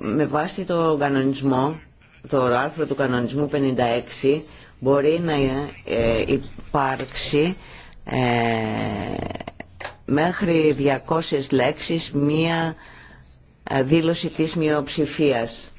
με βάση το κανονισμό, το άρθρο του κανονισμού 56, μπορεί να ε, ε, υπάρξει ε, μέχρι 200 λέξεις μία δήλωση της μειοψηφίας.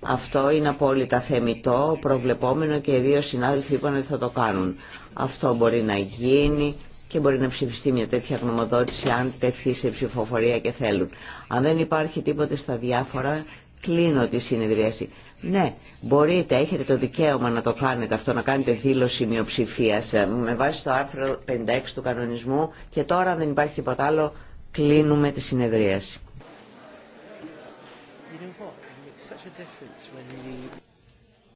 Αυτό είναι απόλυτα θεμητό, προβλεπόμενο και οι δύο συνάδελφοι είπαν ότι θα το κάνουν. Αυτό μπορεί να γίνει και μπορεί να ψηφιστεί μια τέτοια γνωμοδότηση αν τεθεί σε ψηφοφορία και θέλουν. Αν δεν υπάρχει τίποτε στα διάφορα, κλείνω τη συνεδρίαση. Ναι, μπορείτε, έχετε το δικαίωμα να το κάνετε αυτό, να κάνετε δήλωση μειοψηφία ε, με βάση το άρθρο 56 του κανονισμού και τώρα αν δεν υπάρχει τίποτα άλλο, κλείνουμε τη συνεδρίαση.